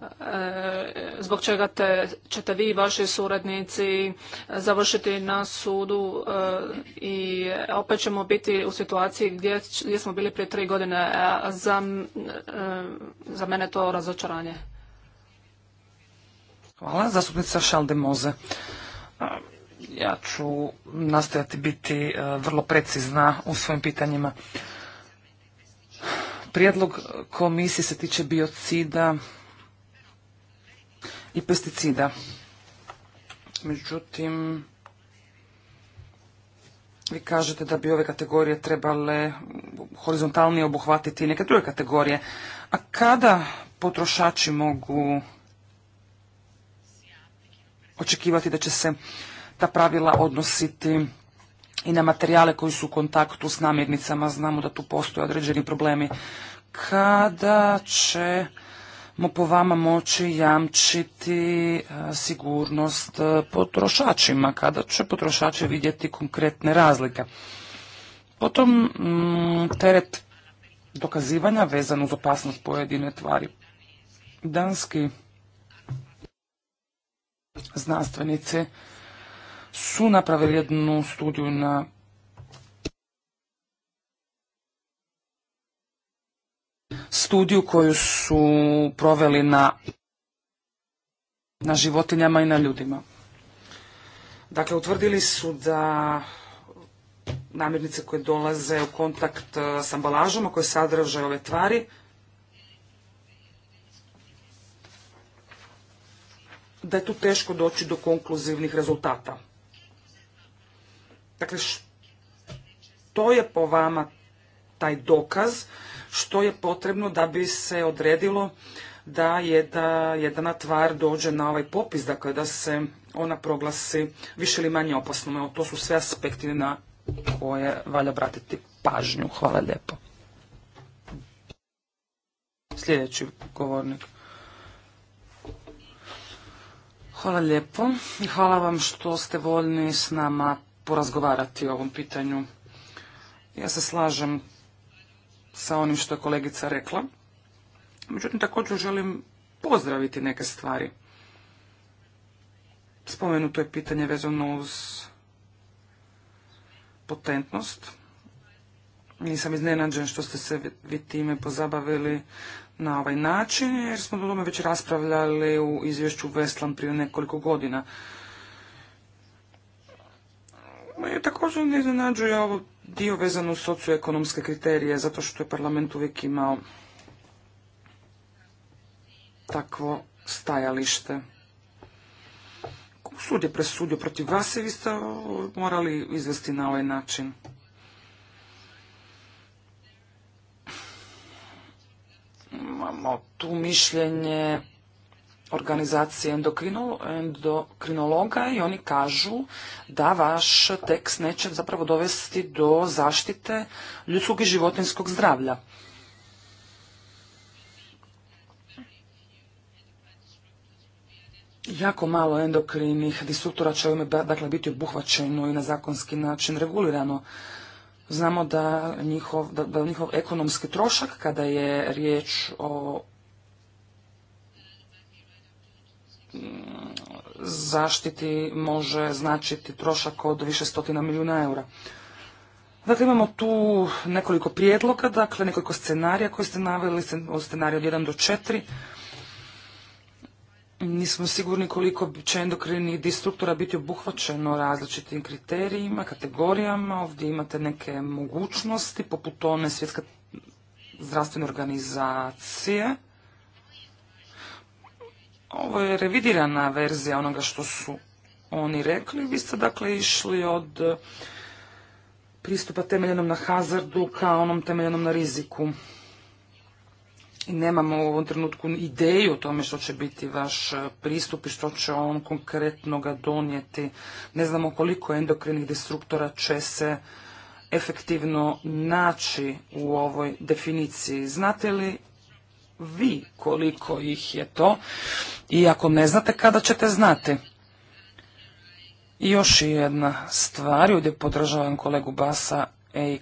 E, zbog čega te, ćete vi i vaši suradnici završiti na sudu e, i opet ćemo biti u situaciji gdje, gdje smo bili prije tri godine. Za, e, za mene to razočaranje. Hvala. Zastupnica Šalde Moze. Ja ću nastojati biti vrlo precizna u svojim pitanjima. Prijedlog komisije se tiče biocida, i pesticida. Međutim, vi kažete da bi ove kategorije trebale horizontalnije obuhvatiti neke druge kategorije. A kada potrošači mogu očekivati da će se ta pravila odnositi i na materijale koji su u kontaktu s namirnicama. Znamo da tu postoje određeni problemi. Kada će po vama moći jamčiti e, sigurnost e, potrošačima, kada će potrošači vidjeti konkretne razlike. Potom mm, teret dokazivanja vezan uz opasnost pojedine tvari. Danski znanstvenici su napravili jednu studiju na studiju koju su proveli na, na životinjama i na ljudima. Dakle, utvrdili su da namirnice koje dolaze u kontakt e, s ambalažama koje sadrže ove tvari, da je tu teško doći do konkluzivnih rezultata. Dakle, to je po vama taj dokaz što je potrebno da bi se odredilo da je da jedna tvar dođe na ovaj popis, dakle da se ona proglasi više ili manje opasno. Evo, to su sve aspekti na koje valja obratiti pažnju. Hvala lijepo. Sljedeći govornik. Hvala lijepo i hvala vam što ste voljni s nama porazgovarati o ovom pitanju. Ja se slažem sa onim što je kolegica rekla. Međutim, također želim pozdraviti neke stvari. Spomenuto je pitanje vezano uz potentnost. Nisam iznenađen što ste se vi time pozabavili na ovaj način, jer smo o tome već raspravljali u izvješću veslan prije nekoliko godina. također ne iznenađuje ovo dio vezan uz socioekonomske kriterije, zato što je parlament uvijek imao takvo stajalište. Sud je presudio protiv vas i vi ste morali izvesti na ovaj način. Imamo tu mišljenje organizacije endokrinologa i oni kažu da vaš tekst neće zapravo dovesti do zaštite ljudskog i životinskog zdravlja. Jako malo endokrinih distruktora će ovime dakle, biti obuhvaćeno i na zakonski način regulirano. Znamo da njihov, da njihov ekonomski trošak kada je riječ o zaštiti može značiti trošak od više stotina milijuna eura. Dakle, imamo tu nekoliko prijedloga, dakle, nekoliko scenarija koje ste naveli, od scenarija od 1 do 4. Nismo sigurni koliko će endokrinih distruktora biti obuhvaćeno različitim kriterijima, kategorijama. Ovdje imate neke mogućnosti, poput one svjetske zdravstvene organizacije. Ovo je revidirana verzija onoga što su oni rekli. Vi ste dakle išli od pristupa temeljenom na hazardu ka onom temeljenom na riziku. I nemamo u ovom trenutku ideju o tome što će biti vaš pristup i što će on konkretno ga donijeti. Ne znamo koliko endokrinih destruktora će se efektivno naći u ovoj definiciji. Znate li vi koliko ih je to i ako ne znate kada ćete znati. I još jedna stvar, ovdje podržavam kolegu Basa i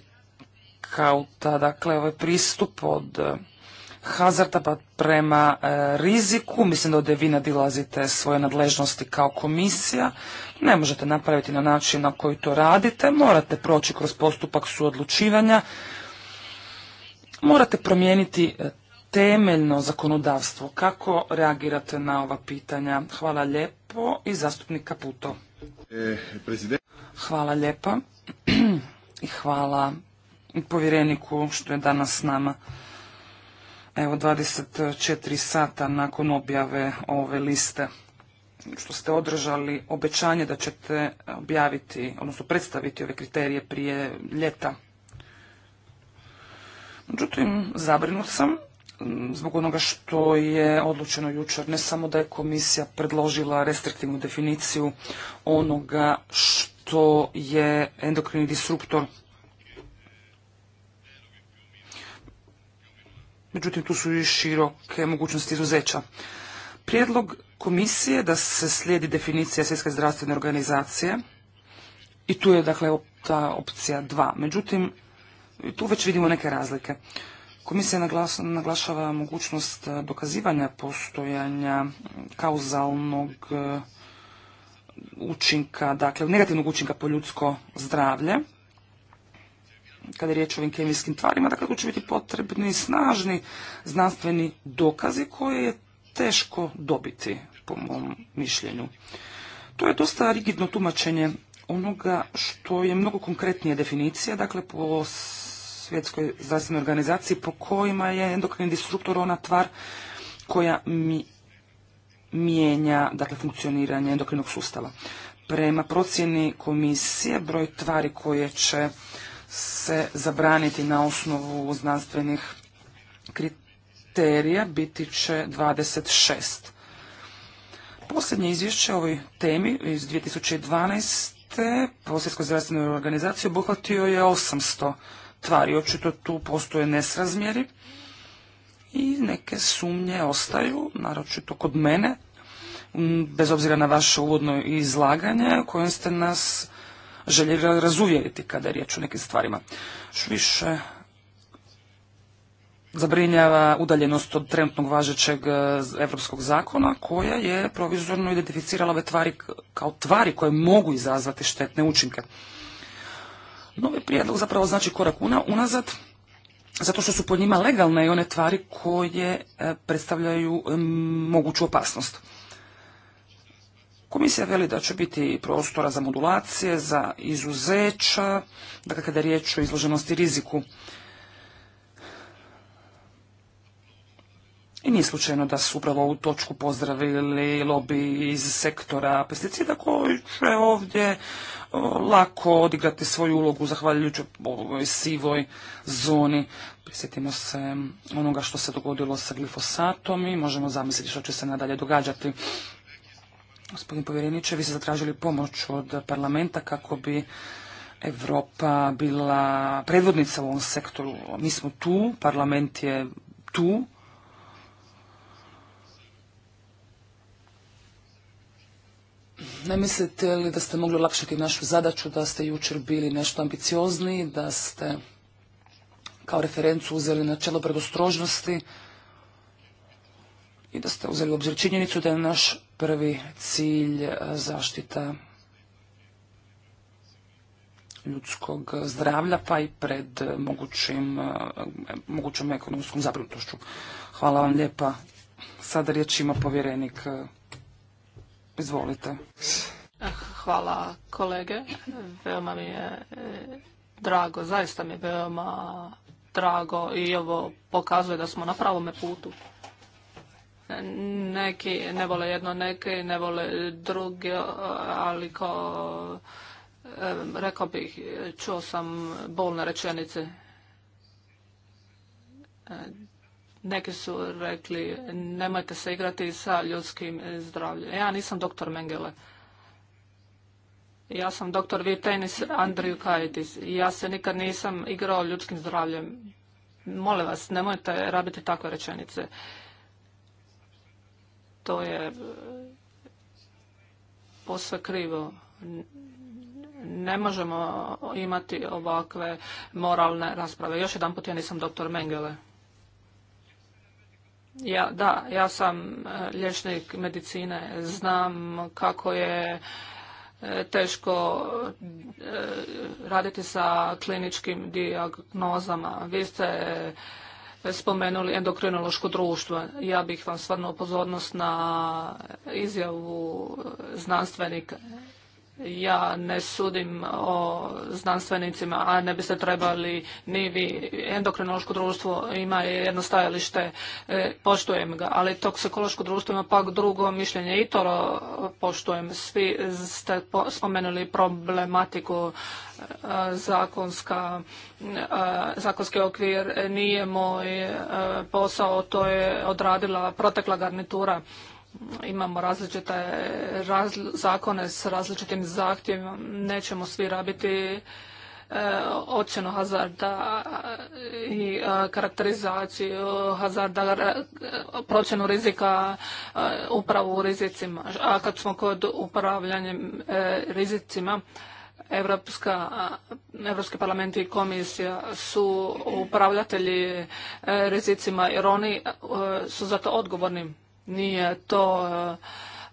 Kauta, dakle ovaj pristup od e, hazarda pa prema e, riziku, mislim da ovdje vi nadilazite svoje nadležnosti kao komisija, ne možete napraviti na način na koji to radite, morate proći kroz postupak suodlučivanja, morate promijeniti e, temeljno zakonodavstvo. Kako reagirate na ova pitanja? Hvala lijepo i zastupnika Puto. Hvala lijepa i hvala povjereniku što je danas s nama. Evo 24 sata nakon objave ove liste što ste održali obećanje da ćete objaviti, odnosno predstaviti ove kriterije prije ljeta. Međutim, zabrinut sam zbog onoga što je odlučeno jučer. Ne samo da je komisija predložila restriktivnu definiciju onoga što je endokrini disruptor. Međutim, tu su i široke mogućnosti izuzeća. Prijedlog komisije da se slijedi definicija Svjetske zdravstvene organizacije i tu je dakle ta opcija dva. Međutim, tu već vidimo neke razlike. Komisija naglašava mogućnost e, dokazivanja postojanja kauzalnog e, učinka, dakle negativnog učinka po ljudsko zdravlje, kada je riječ o ovim kemijskim tvarima, dakle će biti potrebni snažni znanstveni dokazi koje je teško dobiti, po mom mišljenju. To je dosta rigidno tumačenje onoga što je mnogo konkretnije definicija, dakle po svjetskoj zdravstvenoj organizaciji po kojima je endokrin disruptor ona tvar koja mi mijenja dakle, funkcioniranje endokrinog sustava. Prema procjeni komisije broj tvari koje će se zabraniti na osnovu znanstvenih kriterija biti će 26. Posljednje izvješće o ovoj temi iz 2012. Svjetskoj zdravstvenoj organizaciji obuhvatio je 800 tvari. Očito tu postoje nesrazmjeri i neke sumnje ostaju, naročito kod mene, bez obzira na vaše uvodno izlaganje kojem ste nas željeli razuvjeriti kada je riječ o nekim stvarima. Što više zabrinjava udaljenost od trenutnog važećeg europskog zakona koja je provizorno identificirala ove tvari kao tvari koje mogu izazvati štetne učinke. Novi prijedlog zapravo znači korak una, unazad, zato što su pod njima legalne i one tvari koje e, predstavljaju moguću opasnost. Komisija veli da će biti prostora za modulacije, za izuzeća, dakle kada je riječ o izloženosti riziku. I nije slučajno da su upravo ovu točku pozdravili lobby iz sektora pesticida koji će ovdje lako odigrati svoju ulogu zahvaljujući ovoj sivoj zoni. Prisjetimo se onoga što se dogodilo sa glifosatom i možemo zamisliti što će se nadalje događati. Gospodin povjereniče, vi ste zatražili pomoć od parlamenta kako bi Evropa bila predvodnica u ovom sektoru. Mi smo tu, parlament je tu Ne mislite li da ste mogli olakšati našu zadaću, da ste jučer bili nešto ambiciozniji, da ste kao referencu uzeli načelo predostrožnosti i da ste uzeli obzir činjenicu da je naš prvi cilj eh, zaštita ljudskog zdravlja pa i pred eh, eh, mogućom ekonomskom zabrinutošću. Hvala vam lijepa. Sada riječ ima povjerenik Izvolite. Eh, hvala kolege. Veoma mi je eh, drago, zaista mi je veoma drago i ovo pokazuje da smo na pravome putu. Neki ne vole jedno, neki ne vole drugi, ali kao eh, rekao bih, čuo sam bolne rečenice neki su rekli nemojte se igrati sa ljudskim zdravljem. Ja nisam doktor Mengele. Ja sam doktor Vitenis Andriju Kajetis. Ja se nikad nisam igrao ljudskim zdravljem. Molim vas, nemojte rabiti takve rečenice. To je eh, posve krivo. Ne možemo imati ovakve moralne rasprave. Još jedan put ja nisam doktor Mengele. Ja, da, ja sam e, liječnik medicine, znam kako je e, teško e, raditi sa kliničkim dijagnozama. Vi ste spomenuli endokrinološko društvo. Ja bih vam stvarno pozornost na izjavu znanstvenika ja ne sudim o znanstvenicima, a ne biste trebali ni vi. Endokrinološko društvo ima jedno stajalište, e, poštujem ga, ali toksikološko društvo ima pak drugo mišljenje i to e, poštujem. Svi ste spomenuli problematiku e, zakonska, zakonski okvir nije moj posao, to je odradila protekla garnitura imamo različite zakone s različitim zahtjevima, nećemo svi rabiti e, ocjenu hazarda i e, karakterizaciju hazarda, e, procjenu rizika upravo u rizicima. A kad smo kod upravljanja rizicima, Evropska, Evropski parlament i komisija su upravljatelji rizicima jer oni su za to odgovorni nije to e,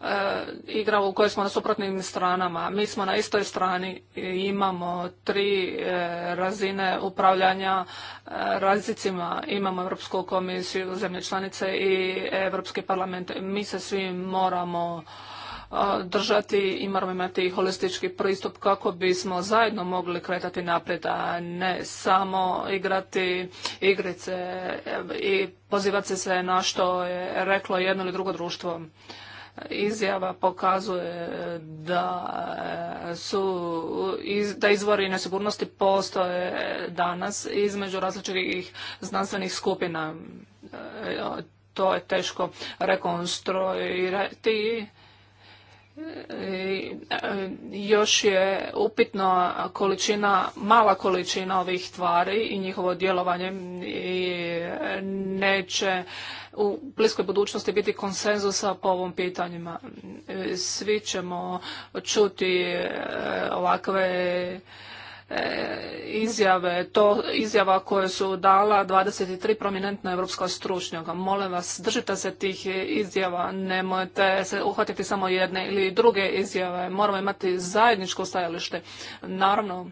e, igra u kojoj smo na suprotnim stranama. Mi smo na istoj strani i imamo tri e, razine upravljanja razlicima. Imamo Europsku komisiju, zemlje članice i Europski parlament. Mi se svi moramo držati i moramo imati holistički pristup kako bismo zajedno mogli kretati naprijed, a ne samo igrati igrice i pozivati se na što je reklo jedno ili drugo društvo izjava pokazuje da e, su da izvori nesigurnosti postoje danas između različitih znanstvenih skupina. E, to je teško rekonstruirati E, još je upitno količina, mala količina ovih tvari i njihovo djelovanje i neće u bliskoj budućnosti biti konsenzusa po ovom pitanjima. E, svi ćemo čuti e, ovakve E, izjave, to izjava koje su dala 23 prominentna europska stručnjaka. Molim vas, držite se tih izjava, nemojte se uhvatiti samo jedne ili druge izjave. Moramo imati zajedničko stajalište. Naravno,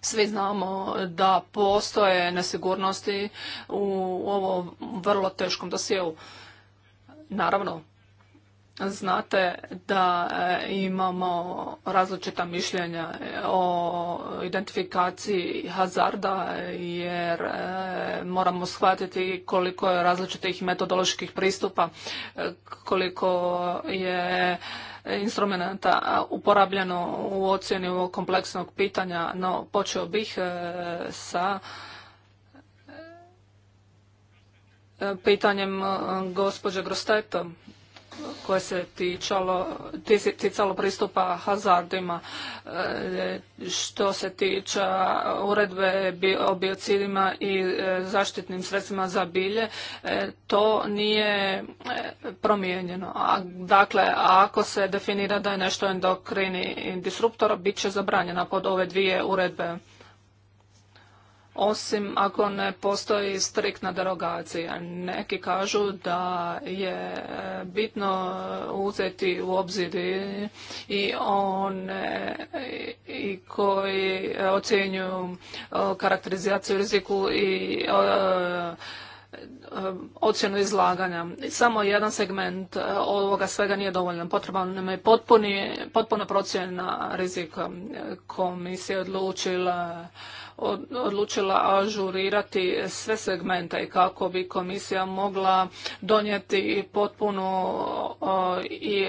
svi znamo da postoje nesigurnosti u ovom vrlo teškom dosjeu. Naravno, Znate da e, imamo različita mišljenja o identifikaciji hazarda jer e, moramo shvatiti koliko je različitih metodoloških pristupa, e, koliko je instrumenta uporabljeno u ocjeni ovog kompleksnog pitanja, no počeo bih sa pitanjem gospođe Grostetom koje se ticalo, pristupa hazardima. E, što se tiče uredbe o biocidima i e, zaštitnim sredstvima za bilje, e, to nije promijenjeno. dakle, ako se definira da je nešto endokrini disruptor, bit će zabranjena pod ove dvije uredbe osim ako ne postoji striktna derogacija. Neki kažu da je e, bitno e, uzeti u obzir i one e, i koji ocjenju karakterizaciju riziku i ocjenu izlaganja. Samo jedan segment ovoga svega nije dovoljan. Potrebno nam je potpuno potpuna procjena rizika. Komisija je odlučila odlučila ažurirati sve segmente kako bi komisija mogla donijeti potpunu i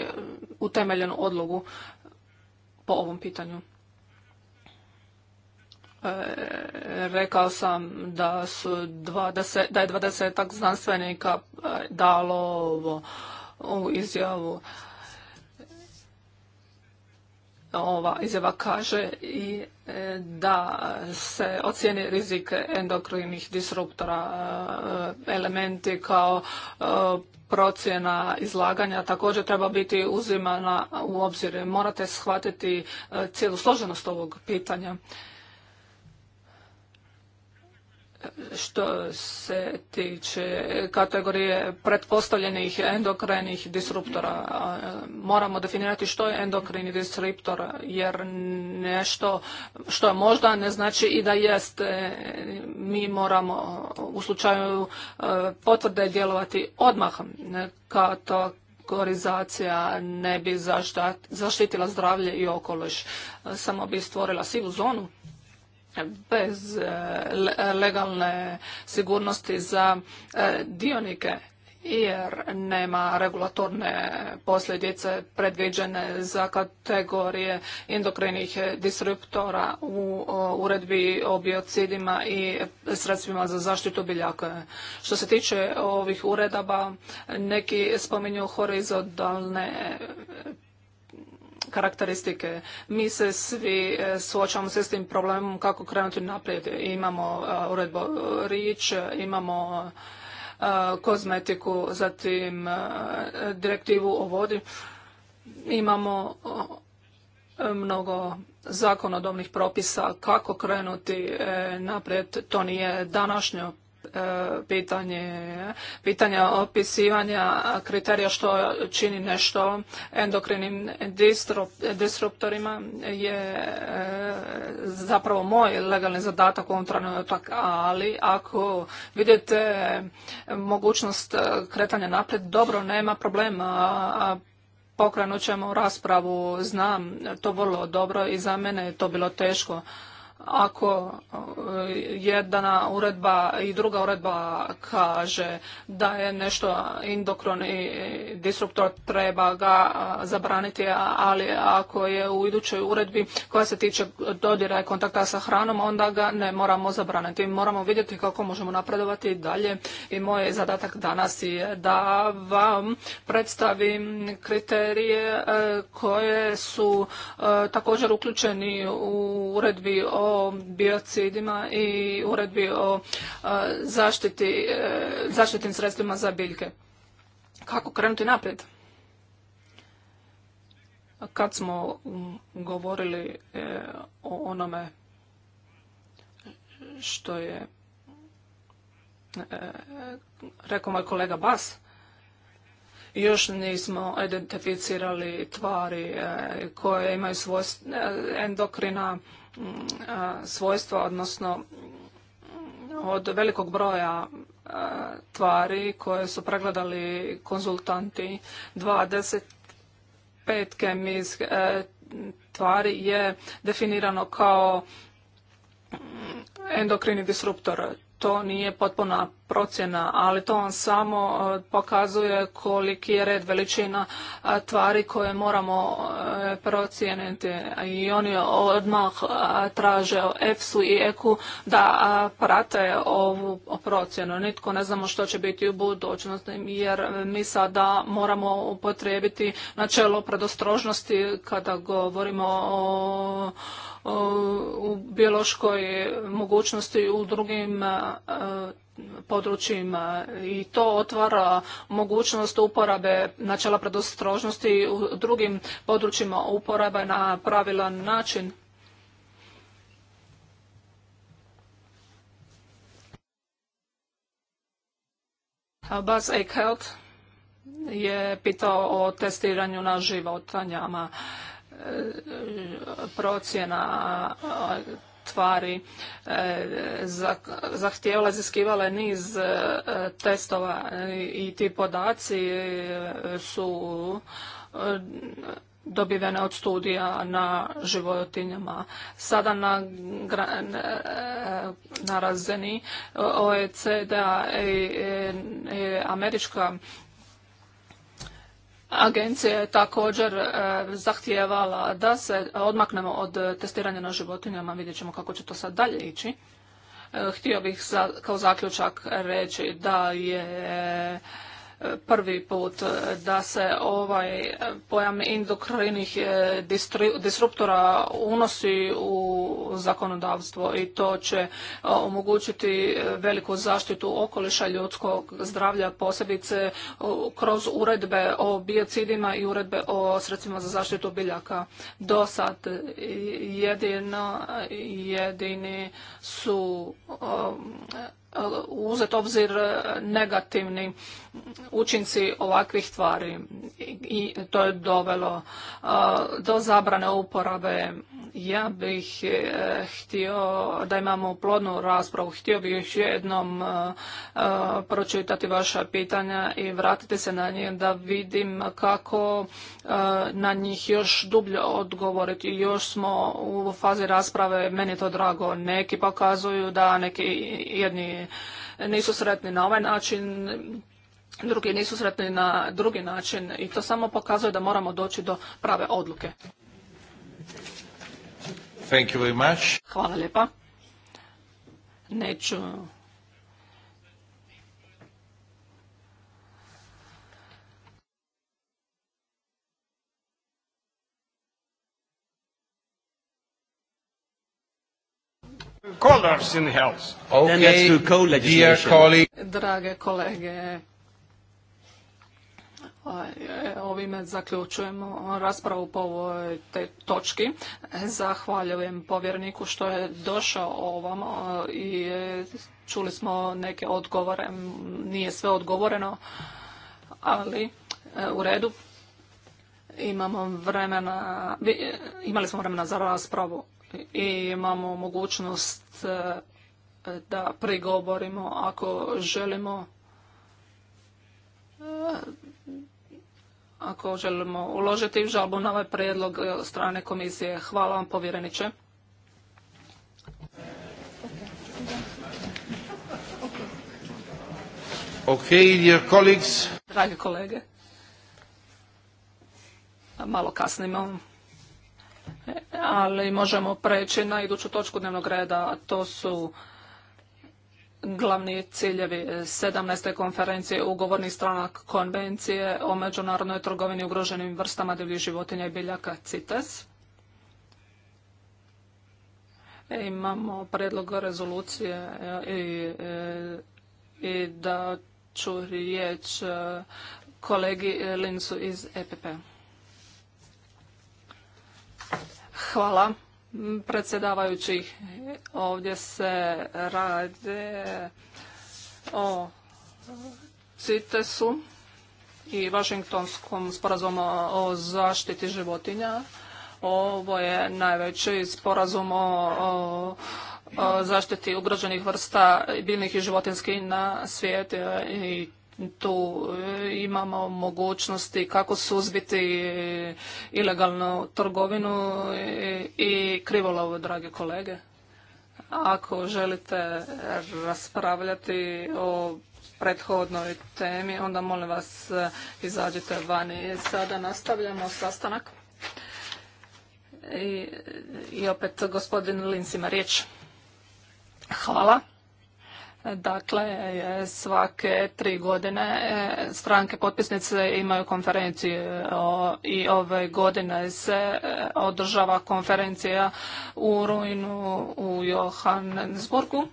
utemeljenu odlogu po ovom pitanju. E, rekao sam da, su 20, da je dvadesetak znanstvenika e, dalo ovo, ovu izjavu ova izjava kaže i e, da se ocijeni rizik endokrinih disruptora e, elementi kao e, procjena izlaganja također treba biti uzimana u obzir. Morate shvatiti cijelu složenost ovog pitanja što se tiče kategorije pretpostavljenih endokrinih disruptora. E, moramo definirati što je endokrini disruptor, jer nešto što je možda ne znači i da jest. E, mi moramo u slučaju e, potvrde djelovati odmah kategorizacija ne bi zaštitila zdravlje i okoliš. Samo bi stvorila sivu zonu bez e, legalne sigurnosti za e, dionike jer nema regulatorne posljedice predviđene za kategorije endokrinih disruptora u uredbi o biocidima i sredstvima za zaštitu biljaka. Što se tiče ovih uredaba, neki spominju horizontalne karakteristike. Mi se svi e, suočavamo s tim problemom kako krenuti naprijed. Imamo e, uredbu Rič, imamo e, kozmetiku, zatim direktivu o vodi. Imamo mnogo zakonodobnih propisa kako krenuti naprijed. To nije današnjo E, pitanje, pitanja opisivanja kriterija što čini nešto endokrinim disruptorima je e, zapravo moj legalni zadatak u ovom ali ako vidite mogućnost kretanja naprijed, dobro, nema problema, pokrenut ćemo raspravu, znam to vrlo dobro i za mene je to bilo teško ako e, jedna uredba i druga uredba kaže da je nešto indokron i disruptor treba ga zabraniti, ali ako je u idućoj uredbi koja se tiče dodira i kontakta sa hranom, onda ga ne moramo zabraniti. Moramo vidjeti kako možemo napredovati dalje i moj zadatak danas je da vam predstavim kriterije e, koje su e, također uključeni u uredbi o o biocidima i uredbi o e, zaštiti, e, zaštitnim sredstvima za biljke. Kako krenuti naprijed? Kad smo govorili e, o onome što je rekao moj kolega Bas, još nismo identificirali tvari koje imaju svoj endokrina svojstva, odnosno od velikog broja e, tvari koje su pregledali konzultanti. 25 kemijskih e, tvari je definirano kao endokrini disruptor to nije potpuna procjena, ali to vam samo e, pokazuje koliki je red veličina e, tvari koje moramo e, procijeniti. I oni odmah traže EFSU i EKU da prate ovu procjenu. Nitko ne znamo što će biti u budućnosti, jer mi sada moramo upotrijebiti načelo predostrožnosti kada govorimo o u biološkoj mogućnosti u drugim e, područjima i to otvara mogućnost uporabe načela predostrožnosti u drugim područjima uporabe na pravilan način. Buzz Eichelt je pitao o testiranju na životanjama procjena tvari e, zahtijevala, iziskivala niz e, testova i ti podaci su e, dobivene od studija na životinjama. Sada na, razini OECD-a i Američka Agencija je također e, zahtijevala da se odmaknemo od testiranja na životinjama, vidjet ćemo kako će to sad dalje ići. E, htio bih kao zaključak reći da je prvi put e, da se ovaj e, pojam endokrinih e, disruptora unosi u zakonodavstvo i to će omogućiti veliku zaštitu okoliša ljudskog zdravlja posebice kroz uredbe o biocidima i uredbe o sredstvima za zaštitu biljaka. Do sad jedino, jedini su uzet obzir e, negativni učinci ovakvih tvari i to je dovelo e, do zabrane uporabe. Ja bih e, htio da imamo plodnu raspravu, htio bih još jednom pročitati vaša pitanja i vratiti se na njih da vidim kako na njih još dublje odgovoriti. Još smo u fazi rasprave, meni je to drago, neki pokazuju da neki jedni nisu sretni na ovaj način, drugi nisu sretni na drugi način i to samo pokazuje da moramo doći do prave odluke. Thank you very much. Hvala lijepa. Neću Drage kolege, Ovime zaključujemo raspravu po ovoj točki. Zahvaljujem povjerniku što je došao ovamo i e, čuli smo neke odgovore. Nije sve odgovoreno, ali e, u redu. Imamo vremena, e, imali smo vremena za raspravu i imamo mogućnost eh, da prigovorimo ako želimo eh, ako želimo uložiti žalbu na ovaj prijedlog strane komisije. Hvala vam povjereniče. Ok, dear colleagues. Dragi kolege, malo kasnimo ali možemo preći na iduću točku dnevnog reda, a to su glavni ciljevi 17. konferencije ugovornih stranak konvencije o međunarodnoj trgovini ugroženim vrstama divljih životinja i biljaka CITES. E, imamo predlog rezolucije e, i, e, i da ću riječ kolegi Lincu iz EPP. Hvala predsjedavajući. Ovdje se rade o CITES-u i Vašingtonskom sporazumu o zaštiti životinja. Ovo je najveći sporazum o zaštiti ugroženih vrsta biljnih i životinskih na svijetu i tu e, imamo mogućnosti kako suzbiti ilegalnu trgovinu e, i krivolov drage kolege. Ako želite raspravljati o prethodnoj temi, onda molim vas e, izađite vani. Sada nastavljamo sastanak. I, i opet gospodin Linsima riječ. Hvala. Dakle, svake tri godine e, stranke potpisnice imaju konferenciju e, i ove godine se e, održava konferencija u Rujnu u Johannesburgu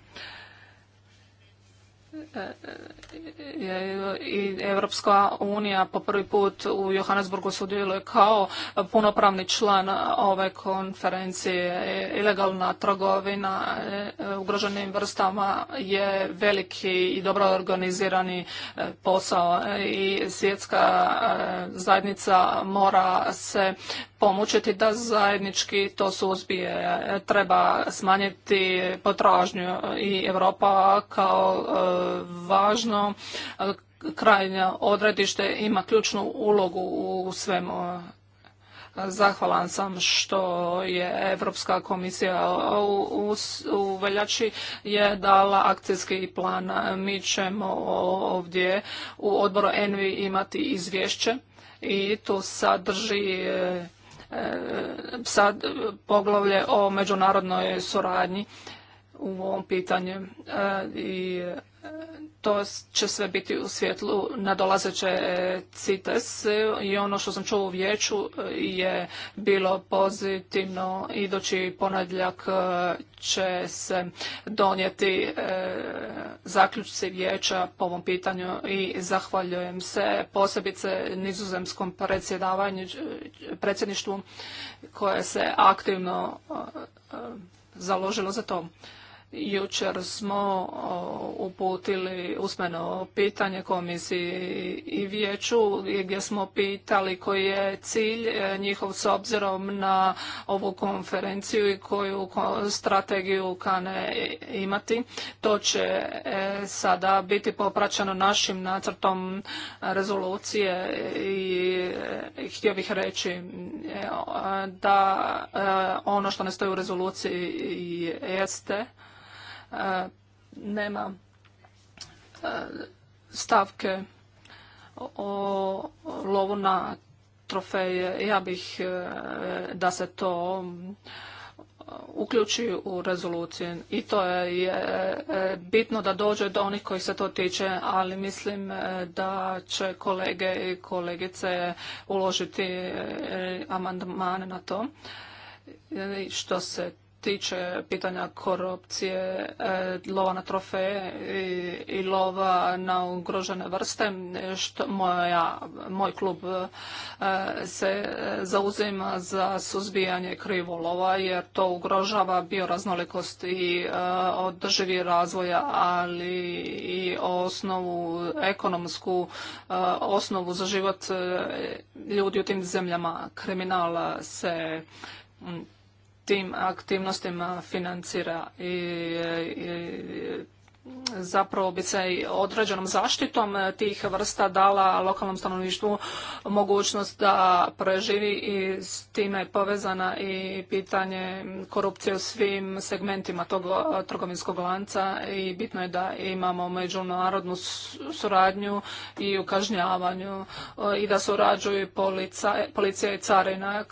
i Europska unija po prvi put u Johannesburgu sudjeluje kao punopravni član ove konferencije. Ilegalna trgovina e, ugroženim vrstama je veliki i dobro organizirani e, posao e, i svjetska zajednica mora se pomučiti da zajednički to suzbije. Treba smanjiti potražnju i Europa kao e, važno e, krajnje odredište ima ključnu ulogu u svemu. Zahvalan sam što je Europska komisija u, veljači je dala akcijski plan. Mi ćemo ovdje u odboru ENVI imati izvješće i to sadrži e, E, sad e, poglavlje o međunarodnoj suradnji u ovom pitanju e, i e, to će sve biti u svjetlu nadolazeće e, CITES i ono što sam čuo u vijeću je bilo pozitivno. Idući ponedjeljak će se donijeti zaključci vijeća po ovom pitanju i zahvaljujem se posebice nizozemskom predsjedništvu koje se aktivno založilo za to. Jučer smo uputili usmeno pitanje komisiji i vijeću gdje smo pitali koji je cilj e, njihov s obzirom na ovu konferenciju i koju strategiju kane imati. To će e, sada biti popraćeno našim nacrtom rezolucije i e, htio bih reći da ono što ne stoji u rezoluciji jeste E, nema e, stavke o lovu na trofeje. Ja bih e, da se to uključi u rezoluciju i to je bitno da dođe do onih koji se to tiče, ali mislim da će kolege i kolegice uložiti amandmane na to. Što se tiče pitanja korupcije, e, lova na trofeje i lova na ugrožene vrste, što moja, moj klub e, se zauzima za suzbijanje krivolova jer to ugrožava bioraznolikost i e, održivi razvoja, ali i osnovu ekonomsku osnovu za život ljudi u tim zemljama. Kriminal se tim aktivnostima financira i, i zapravo bi se određenom zaštitom e, tih vrsta dala lokalnom stanovništvu mogućnost da preživi i s time je povezana i pitanje korupcije u svim segmentima tog e, trgovinskog lanca i bitno je da imamo međunarodnu suradnju i u kažnjavanju e, i da surađuju policija i carina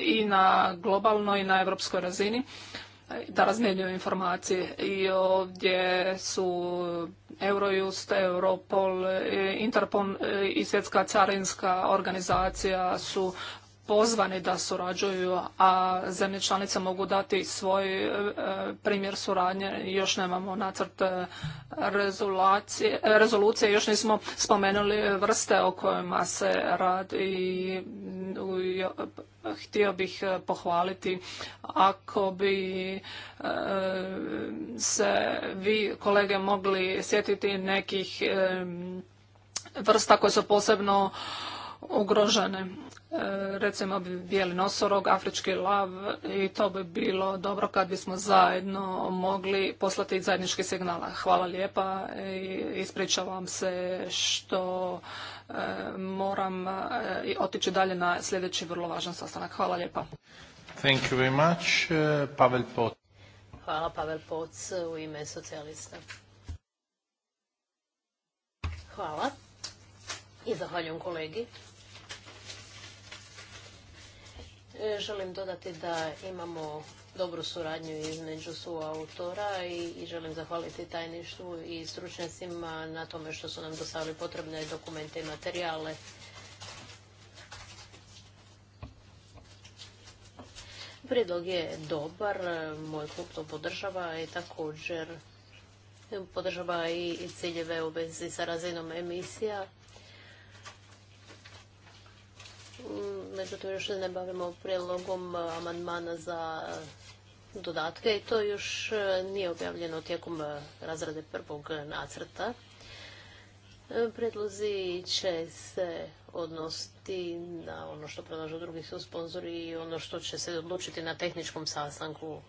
i na globalnoj i na europskoj razini da razmjenjuju informacije. I ovdje su Eurojust, Europol, Interpol i Svjetska carinska organizacija su pozvani da surađuju, a zemlje članice mogu dati svoj e, primjer suradnje. Još nemamo nacrt e, e, rezolucije, još nismo spomenuli vrste o kojima se radi i htio bih pohvaliti ako bi se vi kolege mogli sjetiti nekih vrsta koje su posebno ugrožene. E, recimo bi bijeli nosorog, afrički lav i to bi bilo dobro kad bismo zajedno mogli poslati zajednički signala. Hvala lijepa i ispričavam se što e, moram e, otići dalje na sljedeći vrlo važan sastanak. Hvala lijepa. Thank you very much. Pavel Hvala Pavel Poc u ime socijalista. Hvala. I zahvaljujem kolegi. E, želim dodati da imamo dobru suradnju između suautora autora i želim zahvaliti tajništvu i stručnjacima na tome što su nam dostavili potrebne dokumente i materijale. Prijedlog je dobar, moj klub to podržava i također podržava i ciljeve u vezi sa razinom emisija međutim još ne bavimo prijedlogom amandmana za dodatke i to još e, nije objavljeno tijekom e, razrade prvog nacrta. E, Predlozi će se odnositi na ono što predlažu drugi su sponzori i ono što će se odlučiti na tehničkom sastanku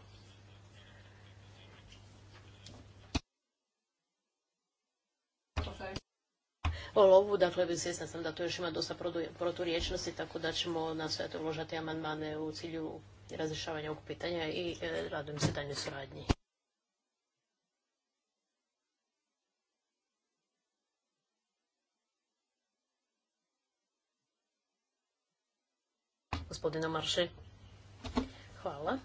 o lovu. Dakle, svjesna sam da to još ima dosta proturječnosti, tako da ćemo nastojati uložati amandmane u cilju razrješavanja ovog pitanja i e, radujem se daljnjoj suradnji. Gospodina Marše, hvala.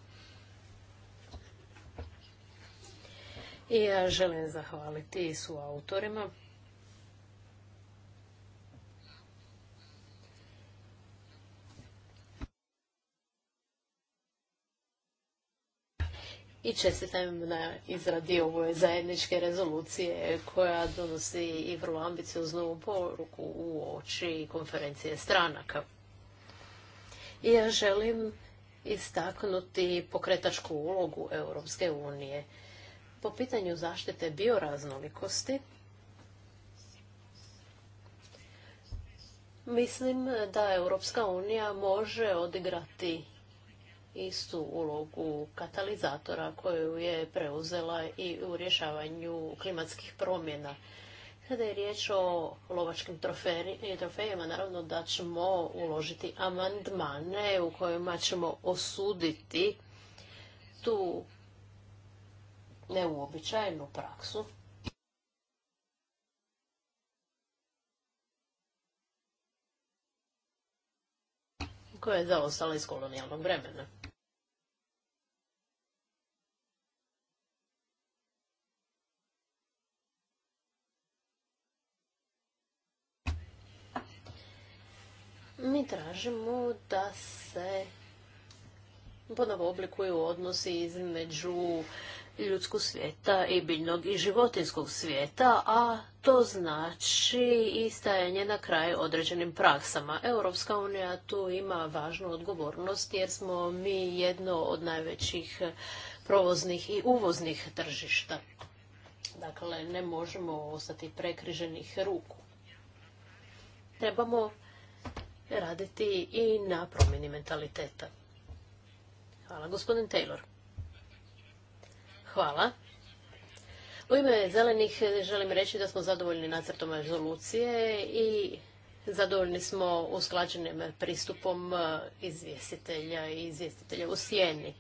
I ja želim zahvaliti su autorima. i čestitam na izradi ove zajedničke rezolucije koja donosi i vrlo ambicioznu poruku u oči konferencije stranaka. I ja želim istaknuti pokretačku ulogu Europske unije. Po pitanju zaštite bioraznolikosti, mislim da Europska unija može odigrati istu ulogu katalizatora koju je preuzela i u rješavanju klimatskih promjena. Kada je riječ o lovačkim trofejima, naravno da ćemo uložiti amandmane u kojima ćemo osuditi tu neuobičajenu praksu. koja je zaostala iz kolonijalnog vremena. Mi tražimo da se ponovo oblikuju odnosi između ljudskog svijeta i biljnog i životinskog svijeta, a to znači i stajanje na kraj određenim praksama. Europska unija tu ima važnu odgovornost jer smo mi jedno od najvećih provoznih i uvoznih tržišta. Dakle, ne možemo ostati prekriženih ruku. Trebamo raditi i na promjeni mentaliteta. Hvala, gospodin Taylor. Hvala. U ime zelenih želim reći da smo zadovoljni nacrtom rezolucije i zadovoljni smo usklađenim pristupom e, izvjestitelja i izvjestitelja u sjeni.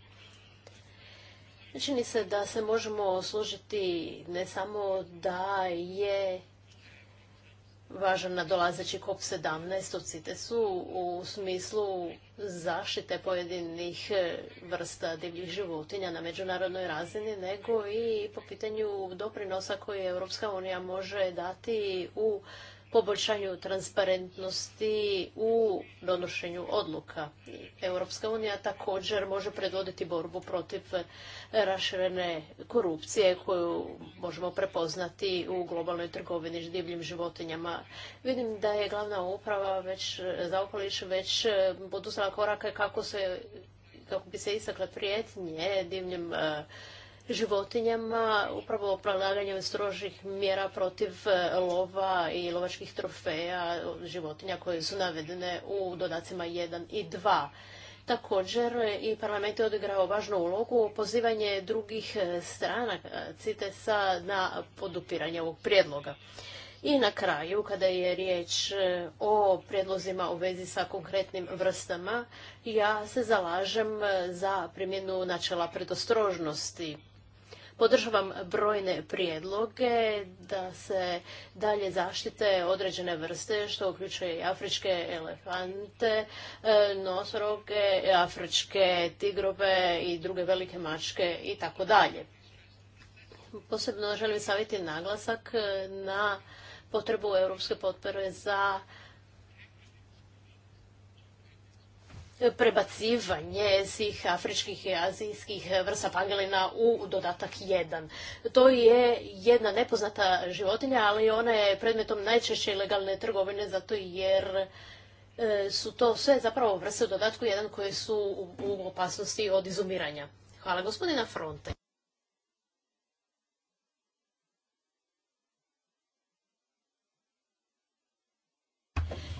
Čini se da se možemo složiti ne samo da je važan nadolazeći COP17 u CITES-u u smislu zaštite pojedinih e, vrsta divljih životinja na međunarodnoj razini, nego i po pitanju doprinosa koje Europska unija može dati u poboljšanju transparentnosti u donošenju odluka. Europska unija također može predvoditi borbu protiv raširene korupcije koju možemo prepoznati u globalnoj trgovini s divljim životinjama. Vidim da je glavna uprava već za okoliš već poduzela korake kako se kako bi se istakle prijetnje divljim životinjama, upravo prelaganjem strožih mjera protiv e, lova i lovačkih trofeja životinja koje su navedene u dodacima 1 i 2. Također e, i parlament je odigrao važnu ulogu pozivanje drugih e, strana CITES-a na podupiranje ovog prijedloga. I na kraju, kada je riječ o prijedlozima u vezi sa konkretnim vrstama, ja se zalažem za primjenu načela predostrožnosti Podržavam brojne prijedloge da se dalje zaštite određene vrste, što uključuje i afričke elefante, e, nosoroge, afričke tigrove i druge velike mačke i tako dalje. Posebno želim staviti naglasak e, na potrebu europske potpore za prebacivanje svih afričkih i azijskih vrsta pangelina u dodatak 1. To je jedna nepoznata životinja, ali ona je predmetom najčešće ilegalne trgovine zato jer e, su to sve zapravo vrste u dodatku 1 koje su u opasnosti od izumiranja. Hvala gospodina Fronte.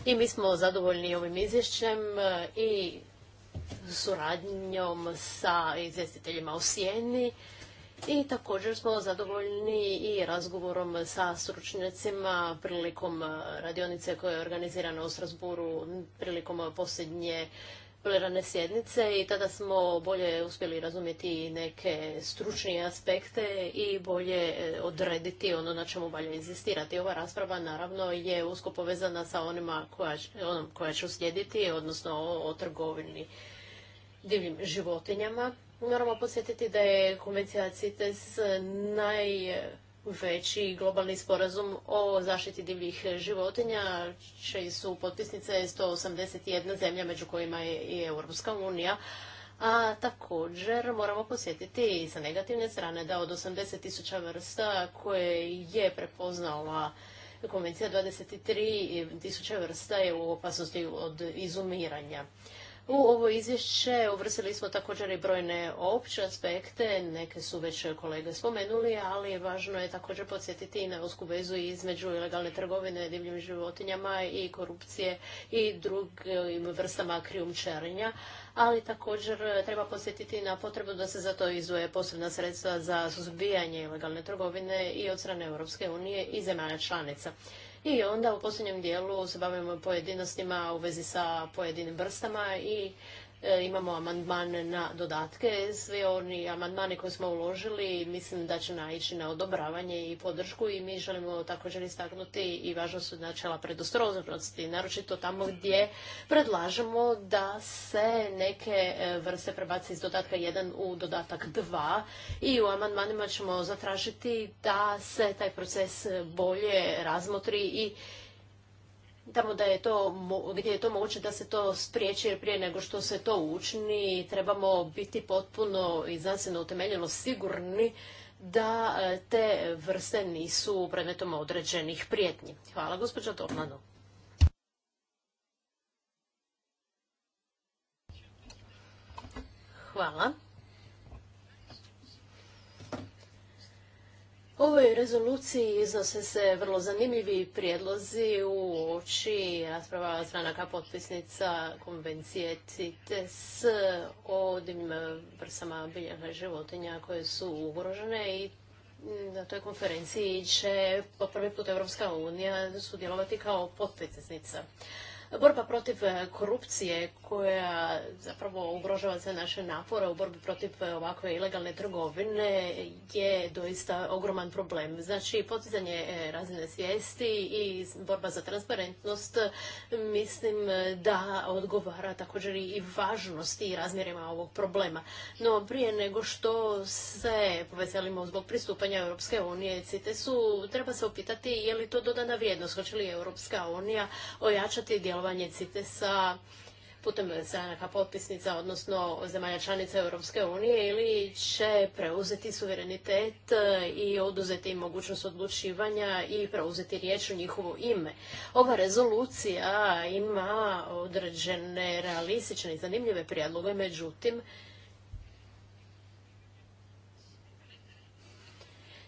I mi smo zadovoljni ovim izvješćem e, i suradnjom sa izvjestiteljima u Sijeni I također smo zadovoljni i razgovorom sa stručnjacima prilikom e, radionice koja je organizirana u Strasburu prilikom posljednje plenarne sjednice i tada smo bolje uspjeli razumjeti neke stručnije aspekte i bolje e, odrediti ono na čemu valja inzistirati. Ova rasprava naravno je usko povezana sa onima koja, onom koja će uslijediti, odnosno o, trgovini divljim životinjama. Moramo posjetiti da je konvencija CITES naj veći globalni sporazum o zaštiti divljih životinja, čiji su potpisnice 181 zemlja, među kojima je i Europska unija. A također moramo posjetiti sa negativne strane da od 80 tisuća vrsta koje je prepoznala konvencija 23 tisuće vrsta je u opasnosti od izumiranja. U ovo izvješće uvrsili smo također i brojne opće aspekte, neke su već kolege spomenuli, ali važno je također podsjetiti i na usku vezu između ilegalne trgovine divljim životinjama i korupcije i drugim vrstama krijumčarenja, ali također treba podsjetiti na potrebu da se za to izvoje posebna sredstva za suzbijanje ilegalne trgovine i od strane Europske unije i zemalja članica. I onda u posljednjem dijelu se bavimo pojedinostima u vezi sa pojedinim vrstama i E, imamo amandman na dodatke. Svi oni amandmani koje smo uložili mislim da će naići na odobravanje i podršku i mi želimo također istaknuti i važnost načela predostrožnosti, naročito tamo gdje predlažemo da se neke e, vrste prebaci iz dodatka 1 u dodatak 2 i u amandmanima ćemo zatražiti da se taj proces bolje razmotri i tamo da je to, gdje je to moguće da se to spriječi jer prije nego što se to učini trebamo biti potpuno i znanstveno utemeljeno sigurni da e, te vrste nisu predmetom određenih prijetnji. Hvala gospođa Tomlano. Hvala. ovoj rezoluciji iznose se vrlo zanimljivi prijedlozi u oči rasprava stranaka potpisnica konvencije CITES o divnim vrstama biljaka životinja koje su ugrožene i na toj konferenciji će po prvi put Europska unija sudjelovati kao potpisnica borba protiv e, korupcije koja zapravo ugrožava sve naše napore u borbi protiv e, ovakve ilegalne trgovine je doista ogroman problem. Znači, potizanje e, razine svijesti i borba za transparentnost mislim da odgovara također i važnosti i razmjerima ovog problema. No, prije nego što se poveselimo zbog pristupanja Europske unije CITES-u, treba se upitati je li to dodana vrijednost, hoće li Europska unija ojačati djelovanje sudjelovanje CITES-a putem stranaka potpisnica, odnosno zemalja članica Europske unije ili će preuzeti suverenitet eh, i oduzeti im mogućnost odlučivanja i preuzeti riječ u njihovo ime. Ova rezolucija ima određene realistične i zanimljive prijedloge, međutim,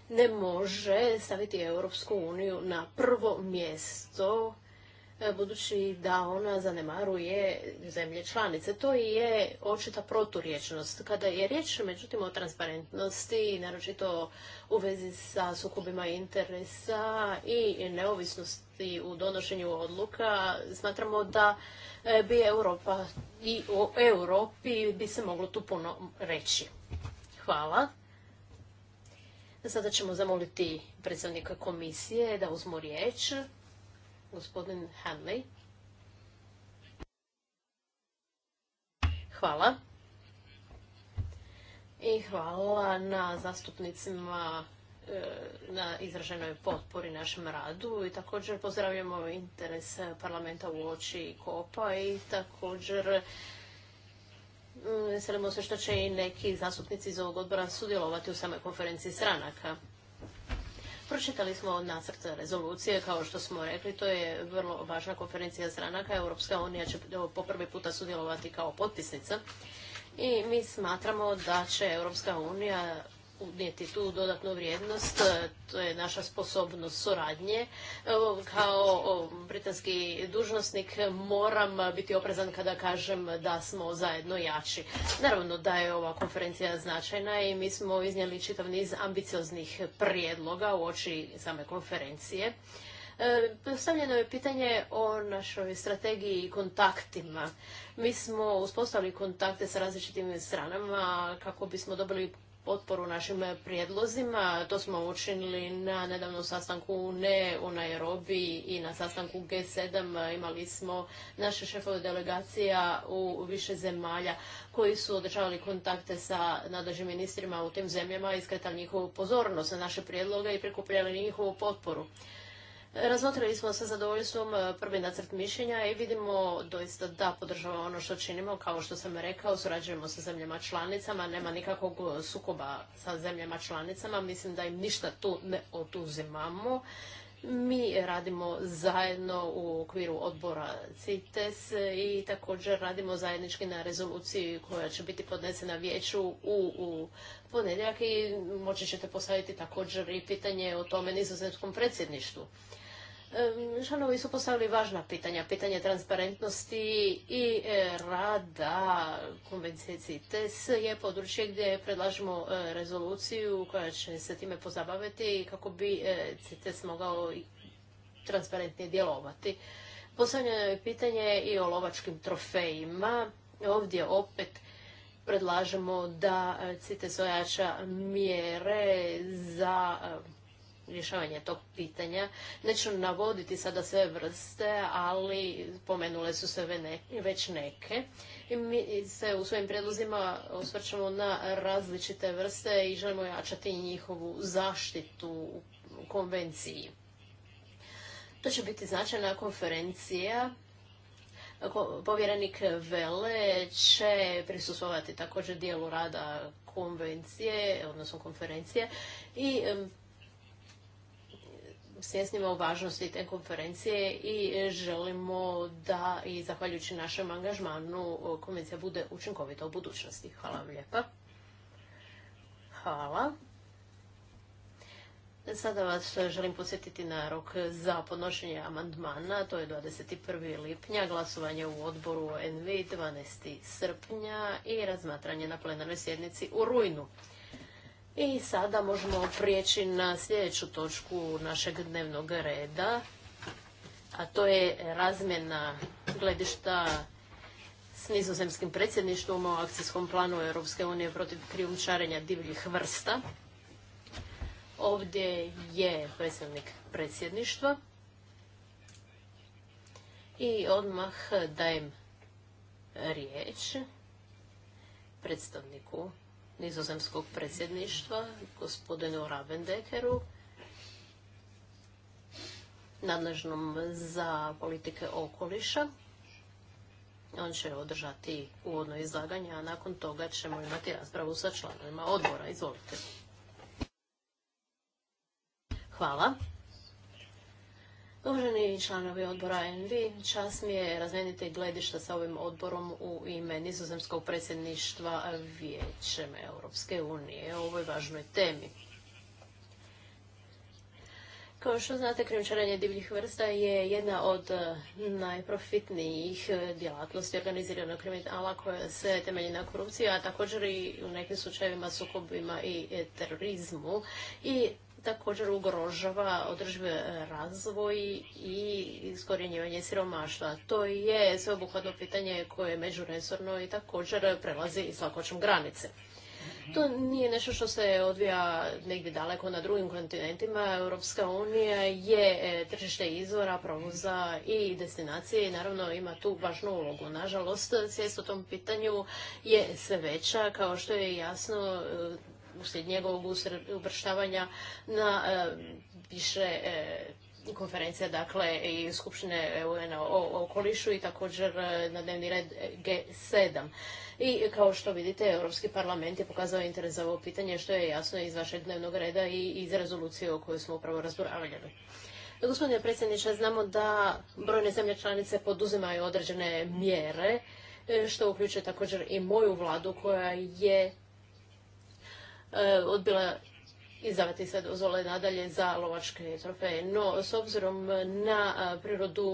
ne može staviti Europsku uniju na prvo mjesto E, budući da ona zanemaruje zemlje članice. To i je očita proturječnost. Kada je riječ, međutim, o transparentnosti, naročito u vezi sa sukobima interesa i neovisnosti u donošenju odluka, smatramo da e, bi Europa i o Europi bi se moglo tu puno reći. Hvala. Sada ćemo zamoliti predsjednika komisije da uzmu riječ gospodin Hanley. Hvala. I hvala na zastupnicima e, na izraženoj potpori našem radu i također pozdravljamo interes parlamenta u oči kopa i također mm, veselimo se što će i neki zastupnici iz ovog odbora sudjelovati u samoj konferenciji stranaka. Pročitali smo nacrt rezolucije, kao što smo rekli, to je vrlo važna konferencija stranaka. Europska unija će po prvi puta sudjelovati kao potpisnica. I mi smatramo da će Europska unija unijeti tu dodatnu vrijednost, e, to je naša sposobnost suradnje. Kao britanski dužnosnik moram biti oprezan kada kažem da smo zajedno jači. Naravno da je ova konferencija značajna i mi smo iznijeli čitav niz ambicioznih prijedloga u oči same konferencije. E, postavljeno je pitanje o našoj strategiji i kontaktima. Mi smo uspostavili kontakte sa različitim stranama kako bismo dobili potporu našim prijedlozima. To smo učinili na nedavnom sastanku ne u Nairobi i na sastanku G7 imali smo naše šefove delegacija u više zemalja koji su održavali kontakte sa nadležnim ministrima u tim zemljama i skretali njihovu pozornost na naše prijedloge i prikupljali njihovu potporu. Razmotrili smo sa zadovoljstvom e, prvi nacrt mišljenja i vidimo doista da podržava ono što činimo. Kao što sam rekao, surađujemo sa zemljama članicama, nema nikakvog e, sukoba sa zemljama članicama. Mislim da im ništa tu ne oduzimamo. Mi radimo zajedno u okviru odbora CITES i također radimo zajednički na rezoluciji koja će biti podnesena vijeću u, u ponedjeljak i moći ćete postaviti također i pitanje o tome nizozemskom predsjedništvu. Šanovi su postavili važna pitanja, pitanje transparentnosti i e, rada konvencije CITES je područje gdje predlažemo e, rezoluciju koja će se time pozabaviti kako bi e, CITES mogao transparentnije djelovati. Postavljeno je pitanje i o lovačkim trofejima. Ovdje opet predlažemo da CITES ojača mjere za rješavanje tog pitanja. Neću navoditi sada sve vrste, ali pomenule su se već neke. I mi se u svojim prijedlozima osvrćamo na različite vrste i želimo jačati njihovu zaštitu u konvenciji. To će biti značajna konferencija Povjerenik Vele će prisustovati također dijelu rada konvencije, odnosno konferencije i svjesnimo o važnosti te konferencije i e, želimo da i zahvaljujući našem angažmanu konvencija bude učinkovita u budućnosti. Hvala vam lijepa. Hvala. Sada vas želim posjetiti na rok za podnošenje amandmana, to je 21. lipnja, glasovanje u odboru NV 12. srpnja i razmatranje na plenarnoj sjednici u rujnu. I sada možemo prijeći na sljedeću točku našeg dnevnog reda, a to je razmjena gledišta s nizozemskim predsjedništvom o akcijskom planu Europske unije protiv krijumčarenja divljih vrsta. Ovdje je predstavnik predsjedništva. I odmah dajem riječ predstavniku nizozemskog predsjedništva, gospodinu Ravendekeru, nadležnom za politike okoliša. On će održati uvodno izlaganje, a nakon toga ćemo imati raspravu sa članovima odbora. Izvolite. Hvala. Uvaženi članovi odbora NV, čas mi je razmijeniti gledišta sa ovim odborom u ime nizozemskog predsjedništva Vijećem Europske unije o ovoj važnoj temi. Kao što znate, krimčaranje divljih vrsta je jedna od eh, najprofitnijih eh, djelatnosti organiziranog kriminala koja se temelji na korupciji, a također i u nekim slučajevima sukobima i eh, terorizmu. I također ugrožava održiv razvoj i iskorjenjivanje siromaštva. To je sveobuhvatno pitanje koje je međuresorno i također prelazi svakoćom granice. To nije nešto što se odvija negdje daleko na drugim kontinentima. Europska unija je e, tržište izvora, provoza i destinacije i naravno ima tu važnu ulogu. Nažalost, svijest o tom pitanju je sve veća, kao što je jasno e, uslijed njegovog uvrštavanja na e, više e, konferencija, dakle i Skupštine UN o okolišu i također e, na dnevni red G7. I kao što vidite, Europski parlament je pokazao interes za ovo pitanje, što je jasno iz vašeg dnevnog reda i iz rezolucije o kojoj smo upravo razgovarali. Gospodine predsjedniče, znamo da brojne zemlje članice poduzimaju određene mjere, što uključuje također i moju vladu koja je E, odbila izdavati se dozvole nadalje za lovačke trofeje. No, s obzirom na e, prirodu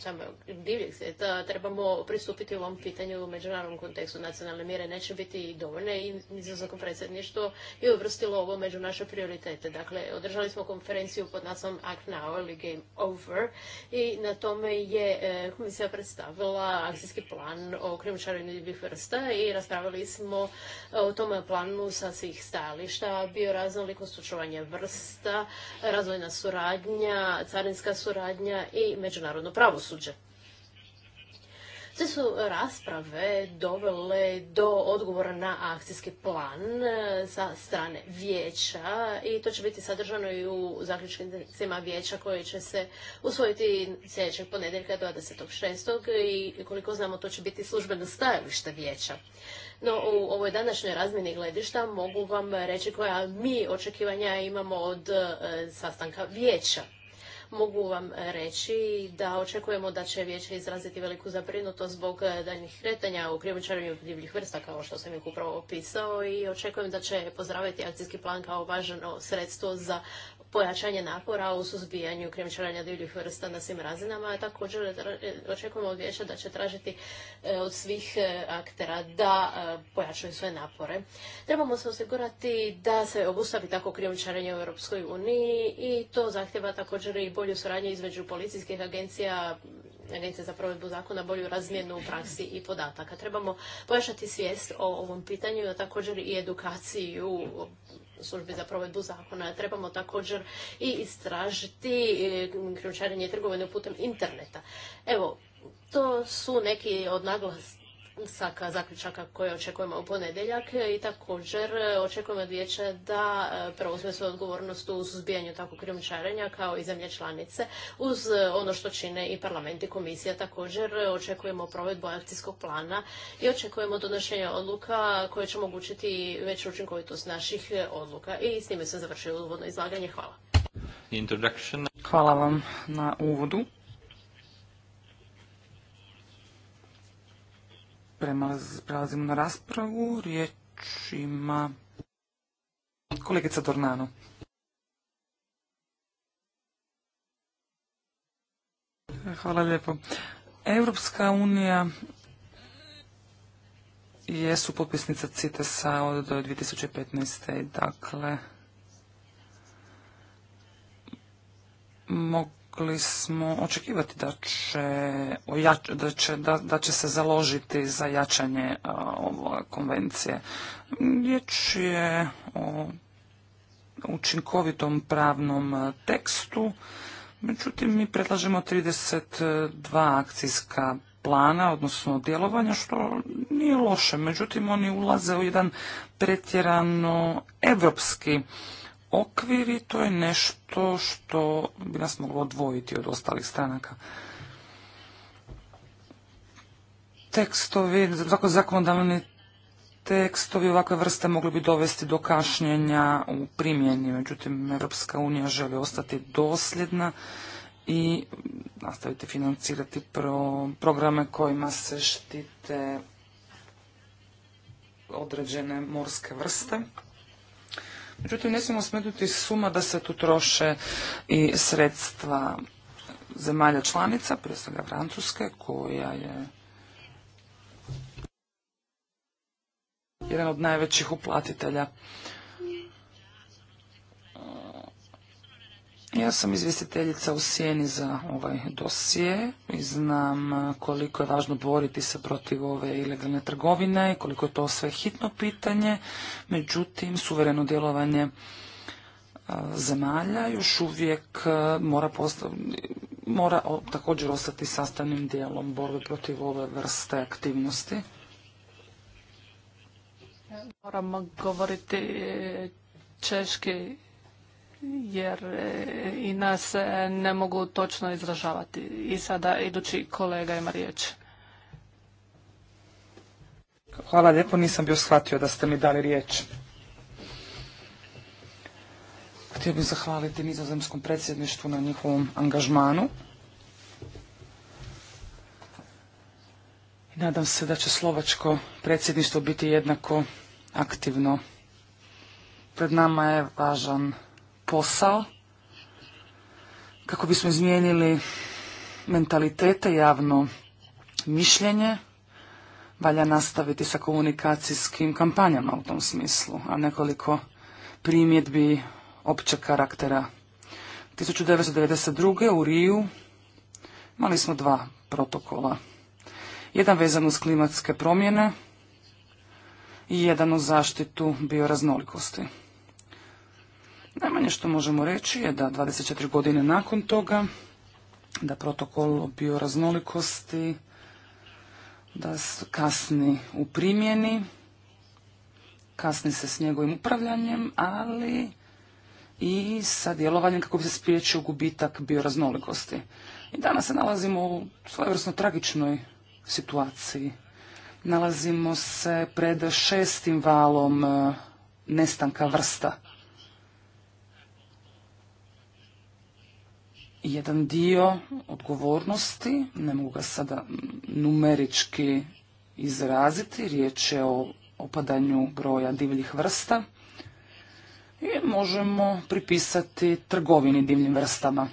samo divljeg svijeta, trebamo pristupiti u ovom pitanju u međunarodnom kontekstu. Nacionalne mjere neće biti dovoljne i nizozemsko predsjedništvo je uvrstilo ovo među naše prioritete. Dakle, održali smo konferenciju pod nasom Act Now ili Game Over i na tome je e, komisija predstavila akcijski plan o krijumčarenju vrsta i raspravili smo o tome planu sa svih stajališta, bioraznolikost, očuvanje vrsta, razvojna suradnja, carinska suradnja i međunarodno pravo pravosuđe. Sve su rasprave dovele do odgovora na akcijski plan e, sa strane vijeća i to će biti sadržano i u zaključnicima vijeća koje će se usvojiti sljedećeg ponedjeljka 26. i koliko znamo to će biti službeno stajalište vijeća. No, u ovoj današnjoj razmjeni gledišta mogu vam reći koja mi očekivanja imamo od e, sastanka vijeća. Mogu vam reći da očekujemo da će vijeće izraziti veliku zabrinutost zbog eh, daljnjih kretanja u krijumčarenju divljih vrsta, kao što sam ih upravo opisao, i očekujem da će pozdraviti akcijski plan kao važno sredstvo za pojačanje napora u suzbijanju krijumčarenja divljih vrsta na svim razinama. Također e, očekujemo od vijeća da će tražiti e, od svih e, aktera da pojačaju svoje napore. Trebamo se osigurati da se obustavi tako krijumčarenje u Europskoj uniji i to zahtjeva također i bolju suradnju između policijskih agencija agencija za provedbu zakona bolju razmjenu praksi i podataka. Trebamo pojačati svijest o ovom pitanju, a također i edukaciju službi za provedbu zakona. Trebamo također i istražiti e, krijumčarenje trgovine putem interneta. Evo, to su neki od naglas, saka zaključaka koje očekujemo u ponedjeljak i također e, očekujemo od vijeća da e, preuzme svoju odgovornost u suzbijanju takvog krijumčarenja kao i zemlje članice uz e, ono što čine i parlament i komisija također očekujemo provedbu akcijskog plana i očekujemo donošenje odluka koje će omogućiti veću učinkovitost naših odluka i s time se završio uvodno izlaganje. Hvala. Hvala vam na uvodu. prelazimo na raspravu. Riječ ima kolegica Dornano. Hvala lijepo. Europska unija jesu potpisnica CITES-a od 2015. Dakle, mogu mogli smo očekivati da će, da će, da, da će se založiti za jačanje ove konvencije. Riječ je o učinkovitom pravnom tekstu, međutim mi predlažemo 32 akcijska plana, odnosno djelovanja, što nije loše. Međutim, oni ulaze u jedan pretjerano evropski Okviri to je nešto što bi nas moglo odvojiti od ostalih stranaka. Tekstovi, zato zakonodavni tekstovi ovakve vrste mogli bi dovesti do kašnjenja u primjeni, međutim Europska unija želi ostati dosljedna i nastaviti financirati pro, programe kojima se štite određene morske vrste. Međutim, ne smijemo smetnuti suma da se tu troše i sredstva zemalja članica, prije svega Francuske, koja je jedan od najvećih uplatitelja Ja sam izvjestiteljica u sjeni za ovaj dosije i znam koliko je važno boriti se protiv ove ilegalne trgovine i koliko je to sve hitno pitanje. Međutim, suvereno djelovanje zemalja još uvijek mora, mora također ostati sastavnim dijelom borbe protiv ove vrste aktivnosti. Moramo govoriti češki jer eh, i nas eh, ne mogu točno izražavati. I sada idući kolega ima riječ. Hvala lijepo, nisam bio shvatio da ste mi dali riječ. Htio bih zahvaliti nizozemskom predsjedništvu na njihovom angažmanu. I nadam se da će slovačko predsjedništvo biti jednako aktivno. Pred nama je važan posao kako bismo izmijenili mentalitete, javno mišljenje, valja nastaviti sa komunikacijskim kampanjama u tom smislu, a nekoliko primjedbi općeg karaktera. 1992. u Riju imali smo dva protokola. Jedan vezan uz klimatske promjene i jedan uz zaštitu bioraznolikosti. Najmanje što možemo reći je da 24 godine nakon toga, da protokol o bioraznolikosti, da kasni u primjeni, kasni se s njegovim upravljanjem, ali i sa djelovanjem kako bi se spriječio gubitak bioraznolikosti. I danas se nalazimo u svojevrsno tragičnoj situaciji. Nalazimo se pred šestim valom eh, nestanka vrsta jedan dio odgovornosti, ne mogu ga sada numerički izraziti, riječ je o opadanju broja divljih vrsta i možemo pripisati trgovini divljim vrstama.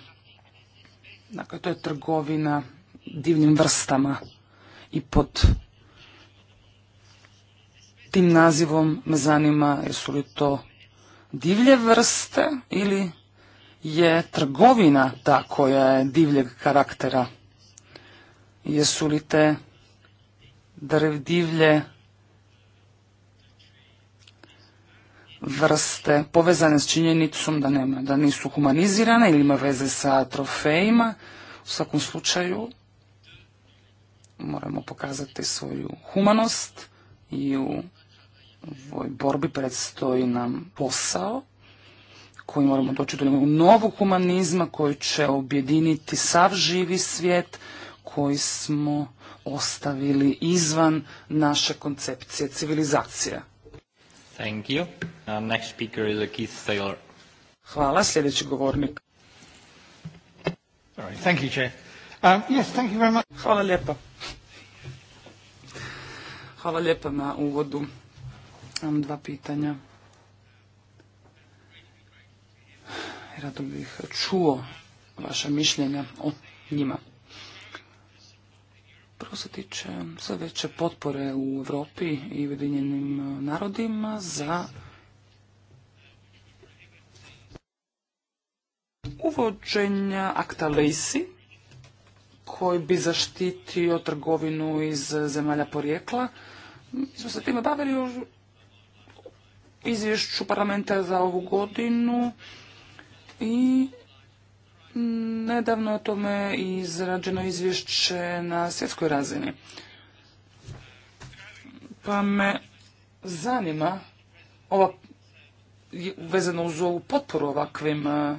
Dakle, to je trgovina divljim vrstama i pod tim nazivom me zanima jesu li to divlje vrste ili je trgovina ta koja je divljeg karaktera? Jesu li te divlje vrste povezane s činjenicom da, da nisu humanizirane ili ima veze sa trofejima? U svakom slučaju moramo pokazati svoju humanost i u ovoj borbi predstoji nam posao koji moramo doći do novog humanizma koji će objediniti sav živi svijet koji smo ostavili izvan naše koncepcije civilizacije. Thank you. Uh, next speaker is Keith Taylor. Hvala, sljedeći govornik. Sorry, thank you, Chair. Um, yes, thank you very much. Hvala lijepa. Hvala lijepa na uvodu. Imam dva pitanja. rado bih čuo vaša mišljenja o njima. Prvo se tiče sve veće potpore u Europi i Ujedinjenim narodima za uvođenja akta Lisi koji bi zaštitio trgovinu iz zemalja porijekla. Mi smo se time bavili u izvješću parlamenta za ovu godinu. I nedavno o tome izrađeno izvješće na svjetskoj razini. Pa me zanima ova vezano uz ovu potporu ovakvim e,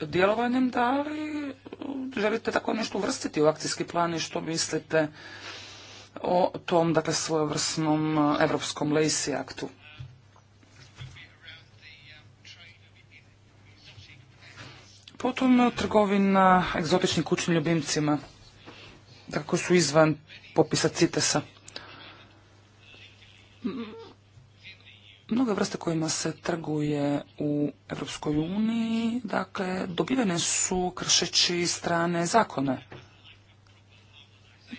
djelovanjem, da li želite tako nešto uvrstiti u akcijski plan i što mislite o tom, dakle, svojevrsnom e, evropskom lejsi aktu? Potom eh, trgovina egzotičnim kućnim ljubimcima, tako su izvan popisa citesa. a Mnoge vrste kojima se trguje u Europskoj uniji, dakle, dobivene su kršeći strane zakone.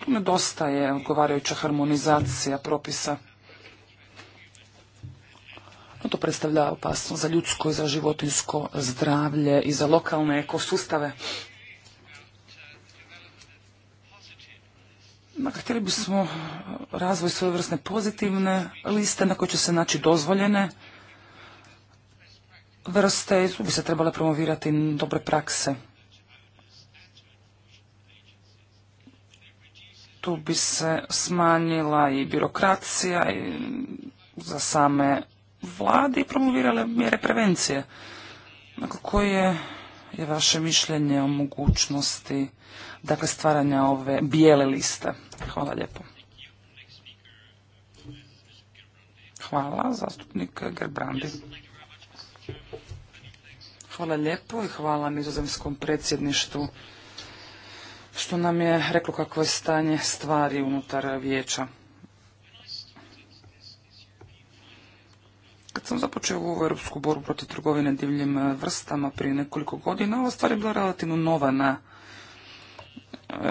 Tu nedostaje odgovarajuća harmonizacija propisa. To predstavlja opasnost za ljudsko i za životinsko zdravlje i za lokalne ekosustave. Dakle, htjeli bismo e, razvoj svojevrsne pozitivne liste na koje će se naći dozvoljene vrste i tu bi se trebale promovirati dobre prakse. Tu bi se smanjila i birokracija za same vladi i promovirale mjere prevencije. Dakle, koje je vaše mišljenje o mogućnosti dakle, stvaranja ove bijele liste? Hvala lijepo. Hvala, zastupnik Gerbrandi. Hvala lijepo i hvala nizozemskom predsjedništvu što nam je reklo kako je stanje stvari unutar vijeća. Kad sam započeo ovu europsku borbu protiv trgovine divljim e, vrstama prije nekoliko godina, ova stvar je bila relativno nova na e,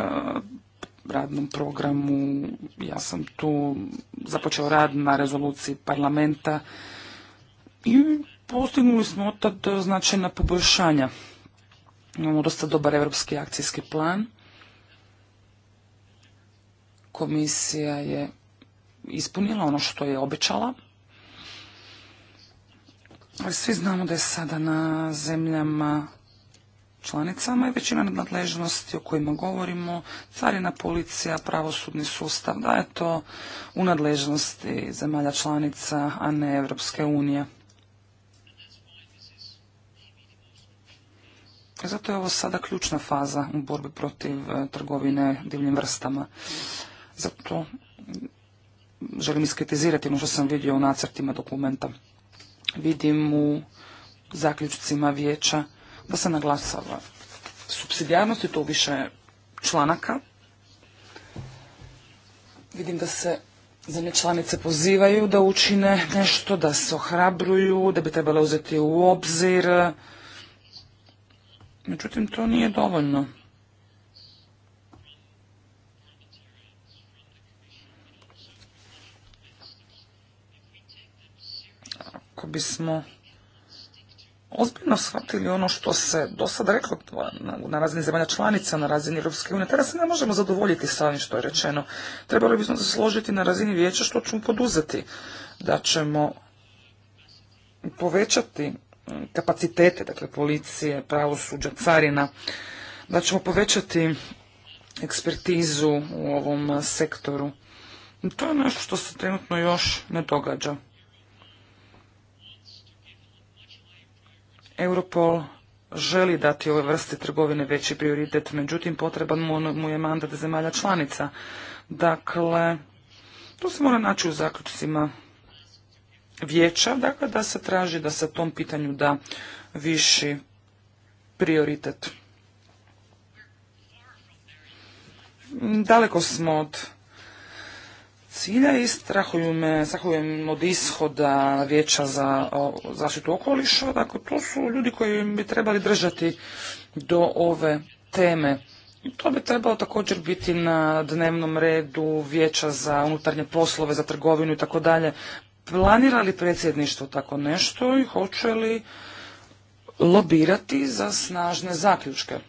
radnom programu. Ja sam tu započeo rad na rezoluciji parlamenta i postignuli smo tad značajna poboljšanja. Imamo dosta dobar europski akcijski plan. Komisija je ispunila ono što je obećala, svi znamo da je sada na zemljama članicama i većina nadležnosti o kojima govorimo, carina policija, pravosudni sustav, da je to u nadležnosti zemalja članica, a ne Evropske unije. Zato je ovo sada ključna faza u borbi protiv e, trgovine divljim vrstama. Zato želim iskritizirati ono što sam vidio u nacrtima dokumenta vidim u zaključcima vijeća da se naglasava subsidijarnost i to više članaka. Vidim da se zemlje članice pozivaju da učine nešto, da se ohrabruju, da bi trebalo uzeti u obzir. Međutim, to nije dovoljno. kako bismo ozbiljno shvatili ono što se do sad reklo na razini zemalja članica, na razini Europske unije. tada se ne možemo zadovoljiti sa ovim što je rečeno. Trebali bismo se složiti na razini vijeća što ćemo poduzeti. Da ćemo povećati kapacitete, dakle policije, pravosuđa, carina, da ćemo povećati ekspertizu u ovom sektoru. To je nešto što se trenutno još ne događa. Europol želi dati ove vrste trgovine veći prioritet, međutim potreban mu je mandat zemalja članica. Dakle, to se mora naći u zaključcima vijeća, dakle da se traži da se tom pitanju da viši prioritet. Daleko smo od cilja i strahujem od ishoda vijeća za zaštitu okoliša. Dakle, to su ljudi koji bi trebali držati do ove teme. to bi trebalo također biti na dnevnom redu vijeća za unutarnje poslove, za trgovinu i tako dalje. Planira li predsjedništvo tako nešto i hoće li lobirati za snažne zaključke?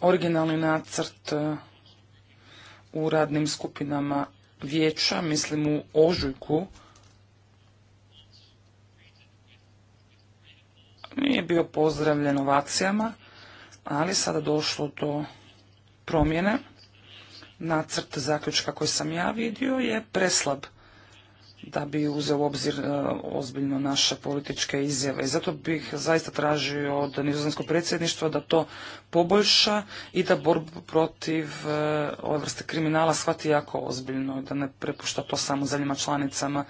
Originalni nacrt u radnim skupinama vijeća, mislim u ožujku, nije bio pozdravljen ovacijama, ali sada došlo do promjene. Nacrt zaključka koji sam ja vidio je preslab da bi uzeo u obzir e, ozbiljno naše političke izjave. I zato bih zaista tražio od nizozemskog predsjedništva da to poboljša i da borbu protiv e, ove vrste kriminala shvati jako ozbiljno i da ne prepušta to samo zemljama članicama.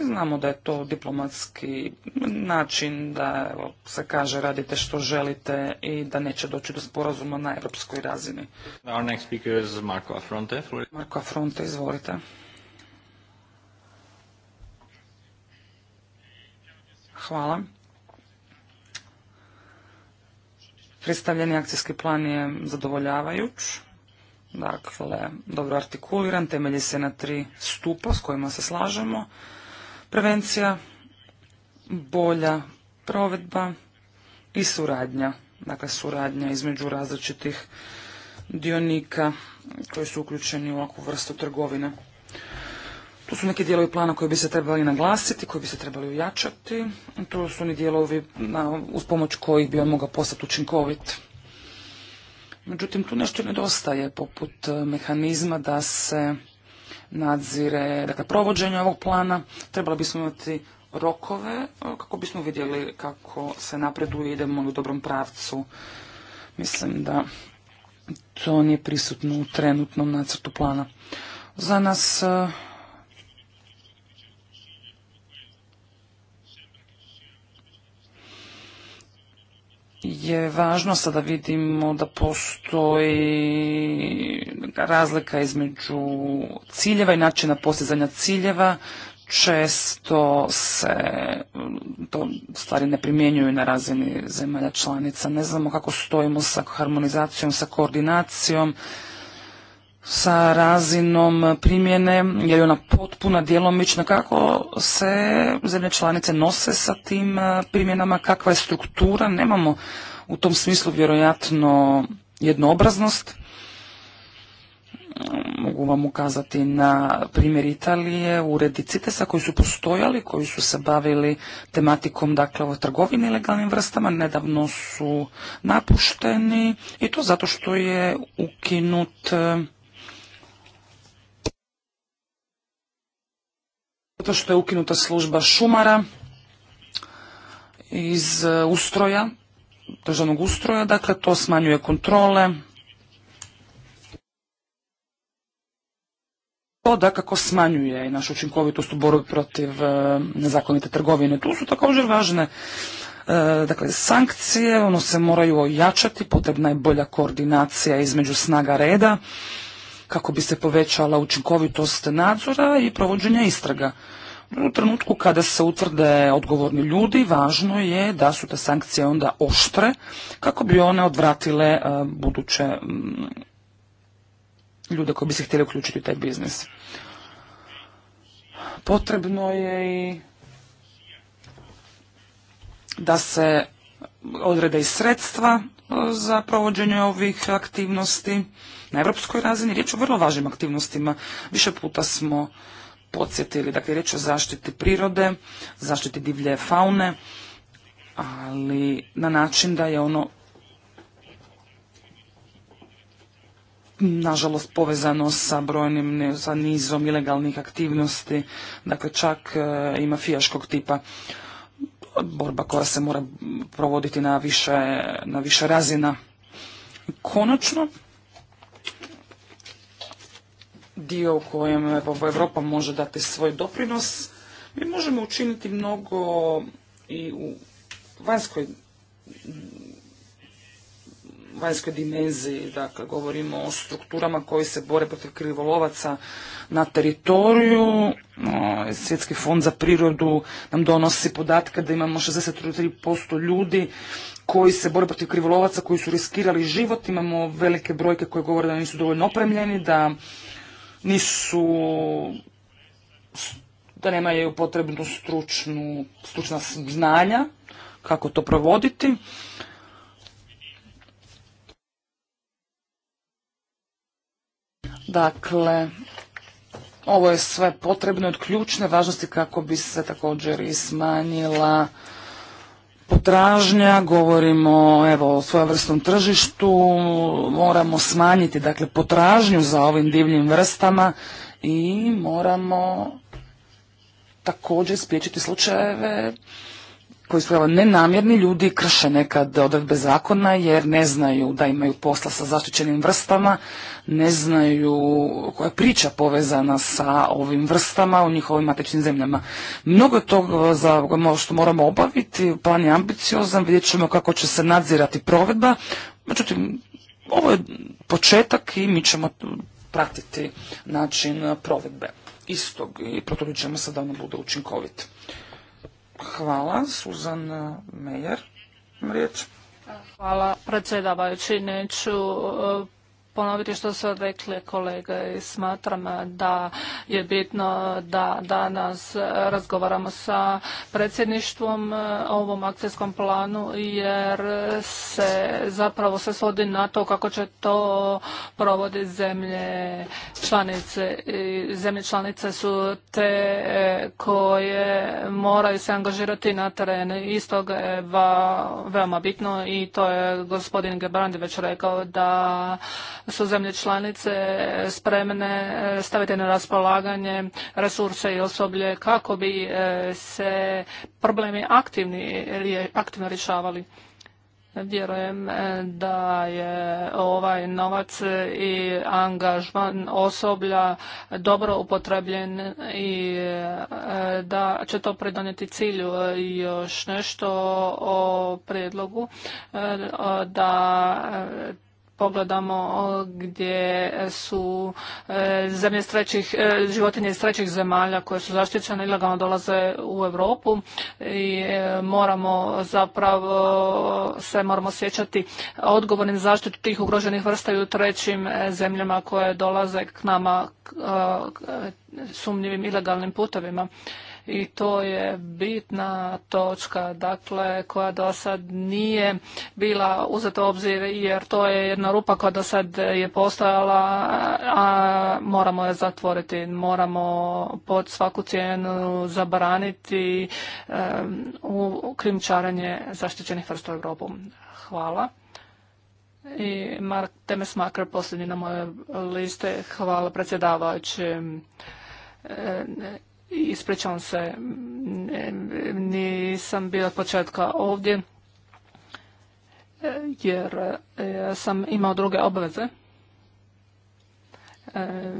Znamo da je to diplomatski način da evo, se kaže radite što želite i da neće doći do sporazuma na europskoj razini. Marko Afronte, izvolite. Hvala. Predstavljeni akcijski plan je zadovoljavajuć, dakle, dobro artikuliran, temelji se na tri stupa s kojima se slažemo. Prevencija, bolja provedba i suradnja, dakle suradnja između različitih dionika koji su uključeni u ovakvu vrstu trgovine. Tu su neki dijelovi plana koji bi se trebali naglasiti, koji bi se trebali ujačati. To su oni dijelovi uz pomoć kojih bi on mogao postati učinkovit. Međutim, tu nešto nedostaje, poput e, mehanizma da se nadzire dakle, provođenje ovog plana. Trebalo bismo imati rokove e, kako bismo vidjeli kako se napreduje, idemo u dobrom pravcu. Mislim da to nije prisutno u trenutnom nacrtu plana. Za nas e, je važno sada vidimo da postoji razlika između ciljeva i načina postizanja ciljeva. Često se mm, to stvari ne primjenjuju na razini zemalja članica. Ne znamo kako stojimo sa harmonizacijom, sa koordinacijom sa razinom primjene, je li ona potpuna, djelomična, kako se zemlje članice nose sa tim e, primjenama, kakva je struktura, nemamo u tom smislu vjerojatno jednoobraznost. Mogu vam ukazati na primjer Italije, uredi CITES-a koji su postojali, koji su se bavili tematikom dakle, o trgovini ilegalnim vrstama, nedavno su napušteni i to zato što je ukinut e, to što je ukinuta služba šumara iz e, ustroja, državnog ustroja, dakle to smanjuje kontrole. To dakako smanjuje i našu učinkovitost u borbi protiv e, nezakonite trgovine. Tu su također važne e, dakle, sankcije, ono se moraju ojačati, potrebna je bolja koordinacija između snaga reda kako bi se povećala učinkovitost nadzora i provođenja istraga. U trenutku kada se utvrde odgovorni ljudi, važno je da su te sankcije onda oštre kako bi one odvratile e, buduće mm, ljude koji bi se htjeli uključiti u taj biznis. Potrebno je i da se odrede i sredstva za provođenje ovih aktivnosti na europskoj razini. Riječ o vrlo važnim aktivnostima. Više puta smo podsjetili, dakle riječ o zaštiti prirode, zaštiti divlje faune, ali na način da je ono nažalost povezano sa brojnim, nizom ilegalnih aktivnosti, dakle čak e, i mafijaškog tipa borba koja se mora provoditi na više, na više razina. Konačno, dio u kojem Europa može dati svoj doprinos, mi možemo učiniti mnogo i u vanjskoj vanjskoj dimenziji, dakle govorimo o strukturama koji se bore protiv krivolovaca na teritoriju. Svjetski fond za prirodu nam donosi podatke da imamo 63% ljudi koji se bore protiv krivolovaca, koji su riskirali život. Imamo velike brojke koje govore da nisu dovoljno opremljeni, da nisu da nemaju potrebnu stručnu, stručna znanja kako to provoditi. Dakle, ovo je sve potrebno od ključne važnosti kako bi se također i smanjila potražnja, govorimo evo, o svojevrsnom tržištu, moramo smanjiti dakle, potražnju za ovim divljim vrstama i moramo također spriječiti slučajeve koji su evo, nenamjerni ljudi krše nekad odredbe zakona jer ne znaju da imaju posla sa zaštićenim vrstama, ne znaju koja je priča povezana sa ovim vrstama u njihovim matičnim zemljama. Mnogo je toga e, za što moramo obaviti, plan je ambiciozan, vidjet ćemo kako će se nadzirati provedba, međutim ovo je početak i mi ćemo pratiti način provedbe istog i protrudit ćemo se da ono bude učinkovit. Hvala. Suzan eh, Mejer, riječ. Hvala predsjedavajući. Neću eh, ponoviti što su rekli kolege i smatram eh, da je bitno da danas eh, razgovaramo sa predsjedništvom o eh, ovom akcijskom planu jer se zapravo se svodi na to kako će to provoditi zemlje članice. zemlje članice su te koje moraju se angažirati na terenu. toga je veoma bitno i to je gospodin Gebrandi već rekao da su zemlje članice spremne e, staviti na raspolaganje resurse i osoblje kako bi e, se problemi aktivni, aktivno rješavali. Vjerujem e, da je ovaj novac i angažman osoblja dobro upotrebljen i da će to pridonijeti cilju. Još nešto o prijedlogu da pogledamo gdje su e, zemlje e, životinje iz trećih zemalja koje su zaštićene ilegalno dolaze u Europu i e, moramo zapravo se moramo sjećati odgovornim zaštitu tih ugroženih vrsta i u trećim zemljama koje dolaze k nama sumnjivim ilegalnim putovima i to je bitna točka dakle koja do sad nije bila uzeta u obzir jer to je jedna rupa koja do sad je postojala a moramo je zatvoriti moramo pod svaku cijenu zabraniti u krimčaranje zaštićenih vrsta u Hvala. I Mark Makar posljednji na mojoj liste. Hvala predsjedavajući. Ispričavam se, nisam bila od početka ovdje jer e, sam imao druge obveze. E,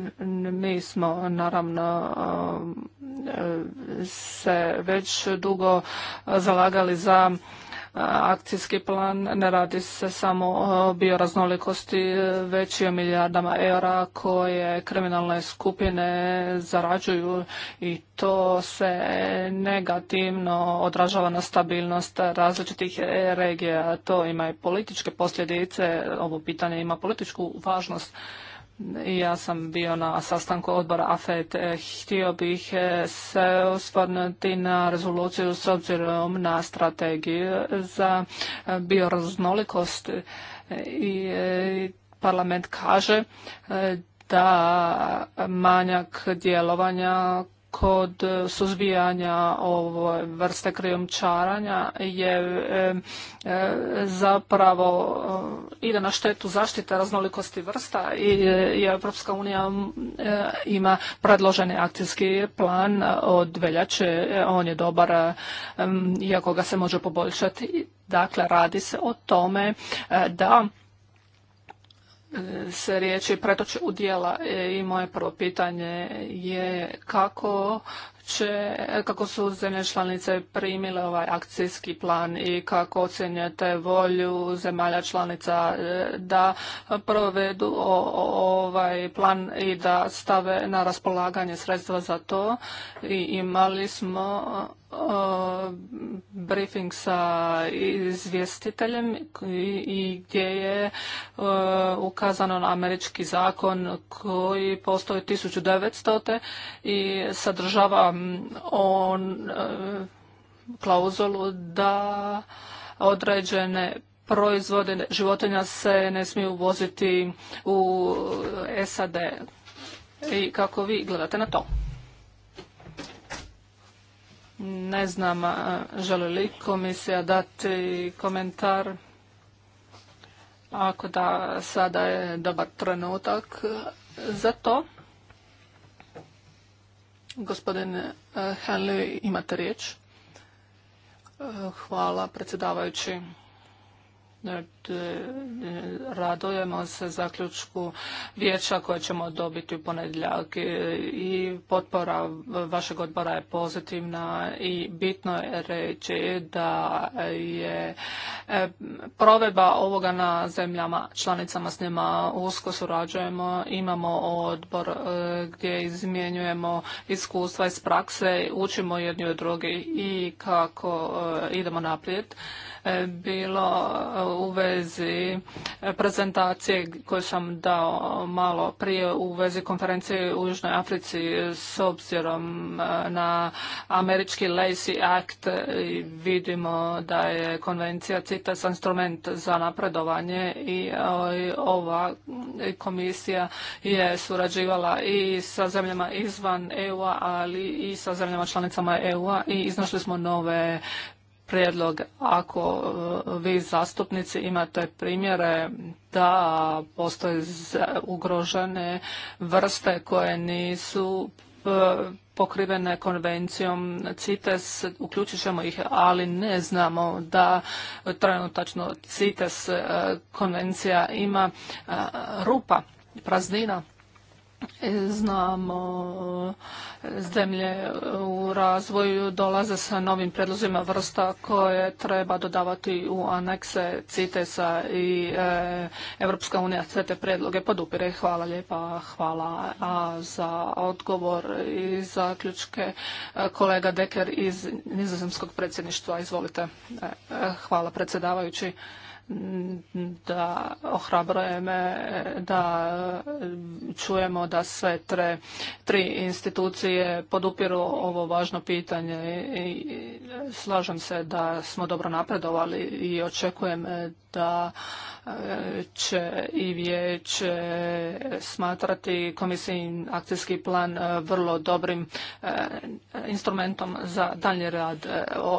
mi smo naravno e, se već dugo zalagali za akcijski plan. Ne radi se samo o bioraznolikosti, već i o milijardama eura koje kriminalne skupine zarađuju i to se negativno odražava na stabilnost različitih regija. To ima i političke posljedice, ovo pitanje ima političku važnost ja sam bio na sastanku odbora AFET. E, htio bih e, se osvrnuti na rezoluciju s obzirom na strategiju za e, bioraznolikost i parlament kaže da manjak djelovanja kod e, suzbijanja ove vrste krijomčaranja je e, e, zapravo ide na štetu zaštite raznolikosti vrsta i Europska unija ima predloženi akcijski plan od veljače. On je dobar, iako ga se može poboljšati. Dakle, radi se o tome da se riječi pretoče u dijela e, i moje prvo pitanje je kako će, kako su zemlje članice primile ovaj akcijski plan i kako ocjenjujete volju zemalja članica e, da provedu ovaj plan i da stave na raspolaganje sredstva za to. I imali smo e, briefing sa izvjestiteljem i gdje je e, ukazano na američki zakon koji postoji 1900. i sadržava Um, on uh, klauzulu da određene proizvode životinja se ne smiju uvoziti u SAD. I kako vi gledate na to? Ne znam, uh, želi li komisija dati komentar? Ako da, sada je dobar trenutak za to. Gospodine eh, Henley, imate riječ. Eh, hvala, predsjedavajući. E, radujemo se zaključku vijeća koje ćemo dobiti u ponedjeljak e, i potpora vašeg odbora je pozitivna i bitno je reći da je e, provedba ovoga na zemljama članicama s njima usko surađujemo, imamo odbor gdje izmjenjujemo iskustva iz prakse, učimo jedni od drugi i kako idemo naprijed. E, bilo e, u vezi e, prezentacije koju sam dao malo prije u vezi konferencije u Južnoj Africi s obzirom na američki Lacey Act vidimo da je konvencija CITES instrument za napredovanje i ova komisija je surađivala i sa zemljama izvan EU-a ali i sa zemljama članicama EU-a i iznašli smo nove prijedlog ako e, vi zastupnici imate primjere da postoje ugrožene vrste koje nisu e, pokrivene konvencijom CITES, uključit ćemo ih, ali ne znamo da trenutačno CITES e, konvencija ima rupa, praznina Znamo zemlje u razvoju dolaze sa novim predlozima vrsta koje treba dodavati u anekse CITES-a i e, Evropska unija sve te predloge podupire. Hvala lijepa, hvala za odgovor i zaključke. E, kolega Deker iz nizozemskog predsjedništva, izvolite. E, hvala predsjedavajući da ohrabruje me da e, čujemo da sve tri institucije podupiru ovo važno pitanje i slažem se da smo dobro napredovali i očekujem da e, će i vijeće smatrati komisijin akcijski plan e, vrlo dobrim instrumentom za dalji rad.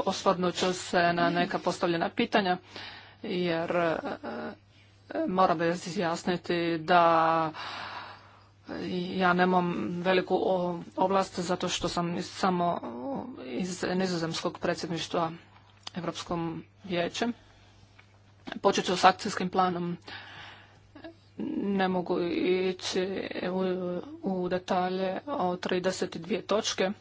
Osvrnut ću se na neka postavljena pitanja jer e, e, moramo izjasniti da ja nemam veliku ovlast zato što sam samo iz nizozemskog predsjedništva Evropskom vijećem. Počet ću s akcijskim planom. Ne mogu ići u, detalje o 32 točke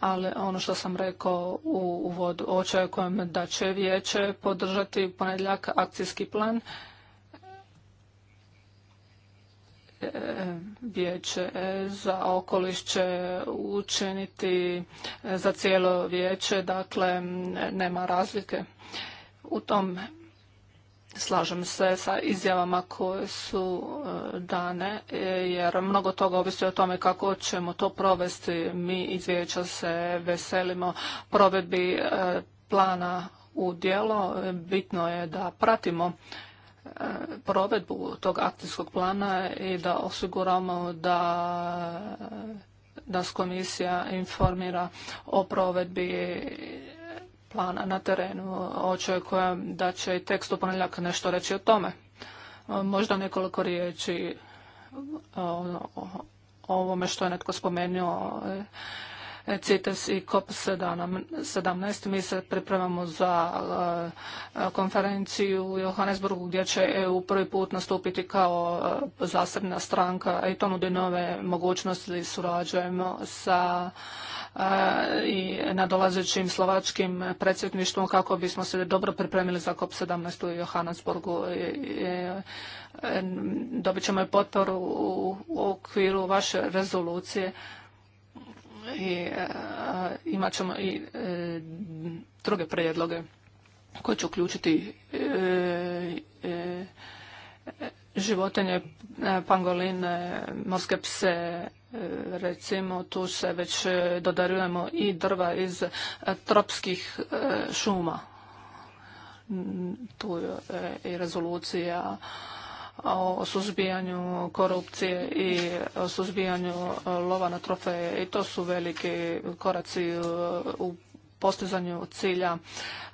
ali ono što sam rekao u uvodu, očekujem da će vijeće podržati ponedjeljak akcijski plan. E, vijeće za okoliš će učiniti e, za cijelo vijeće, dakle nema razlike u tom Slažem se sa izjavama koje su e, dane, e, jer mnogo toga ovisi o tome kako ćemo to provesti. Mi iz se veselimo provedbi e, plana u dijelo. Bitno je da pratimo provedbu tog akcijskog plana i da osiguramo da nas komisija informira o provedbi plana na terenu. Očekujem da će i tekst u ponedjeljak nešto reći o tome. E, možda nekoliko riječi e, ono, o ovome što je netko spomenuo e, CITES i COP17. Mi se pripremamo za konferenciju u Johannesburgu gdje će EU prvi put nastupiti kao zasebna stranka i to nudi nove mogućnosti. Surađujemo sa i nadolazećim slovačkim predsjedništvom kako bismo se dobro pripremili za COP17 u Johannesburgu. E, dobit ćemo i potporu u okviru vaše rezolucije i e, imat ćemo i e, druge prijedloge koje će uključiti životinje, e, pangoline, morske pse, e, recimo tu se već e, dodarujemo i drva iz tropskih šuma. Tu je i rezolucija o suzbijanju korupcije i o suzbijanju lova na trofeje i to su veliki koraci u postizanju cilja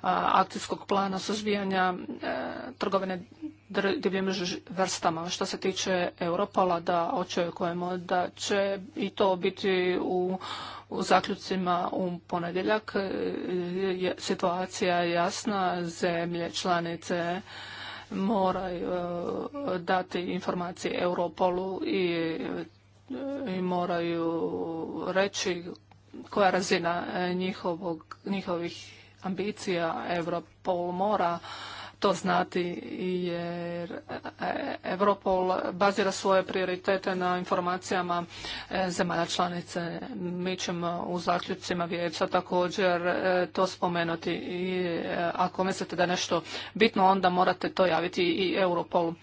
akcijskog plana suzbijanja trgovine divljim vrstama. Što se tiče Europola, da očekujemo da će i to biti u, u zaključcima u ponedjeljak. E, je, situacija je jasna, zemlje članice moraju e, dati informacije Europolu i, i moraju reći koja razina e, njihovog, njihovih ambicija Europol mora to znati jer e, Europol bazira svoje prioritete na informacijama e, zemalja članice. Mi ćemo u zaključcima vijeća također e, to spomenuti i ako mislite da je nešto bitno onda morate to javiti i Europolu.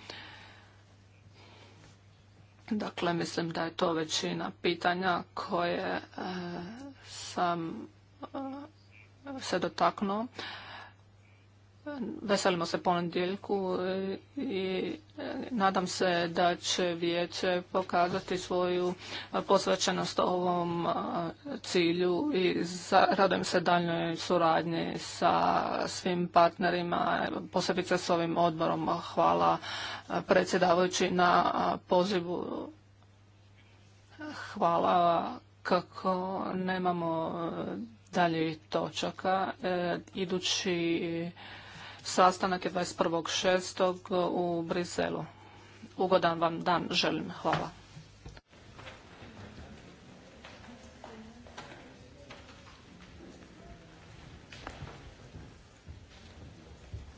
Dakle, mislim da je to većina pitanja koje sam se dotaknuo. Veselimo se ponedjeljku e, i e, nadam se da će vijeće pokazati svoju posvećenost ovom e, cilju i radujem se daljnoj suradnji sa svim partnerima, posebice s ovim odborom. Hvala predsjedavajući na pozivu. Hvala kako nemamo dalje točaka. idući Sastanak je 21.6. u Briselu. Ugodan vam dan želim. Hvala.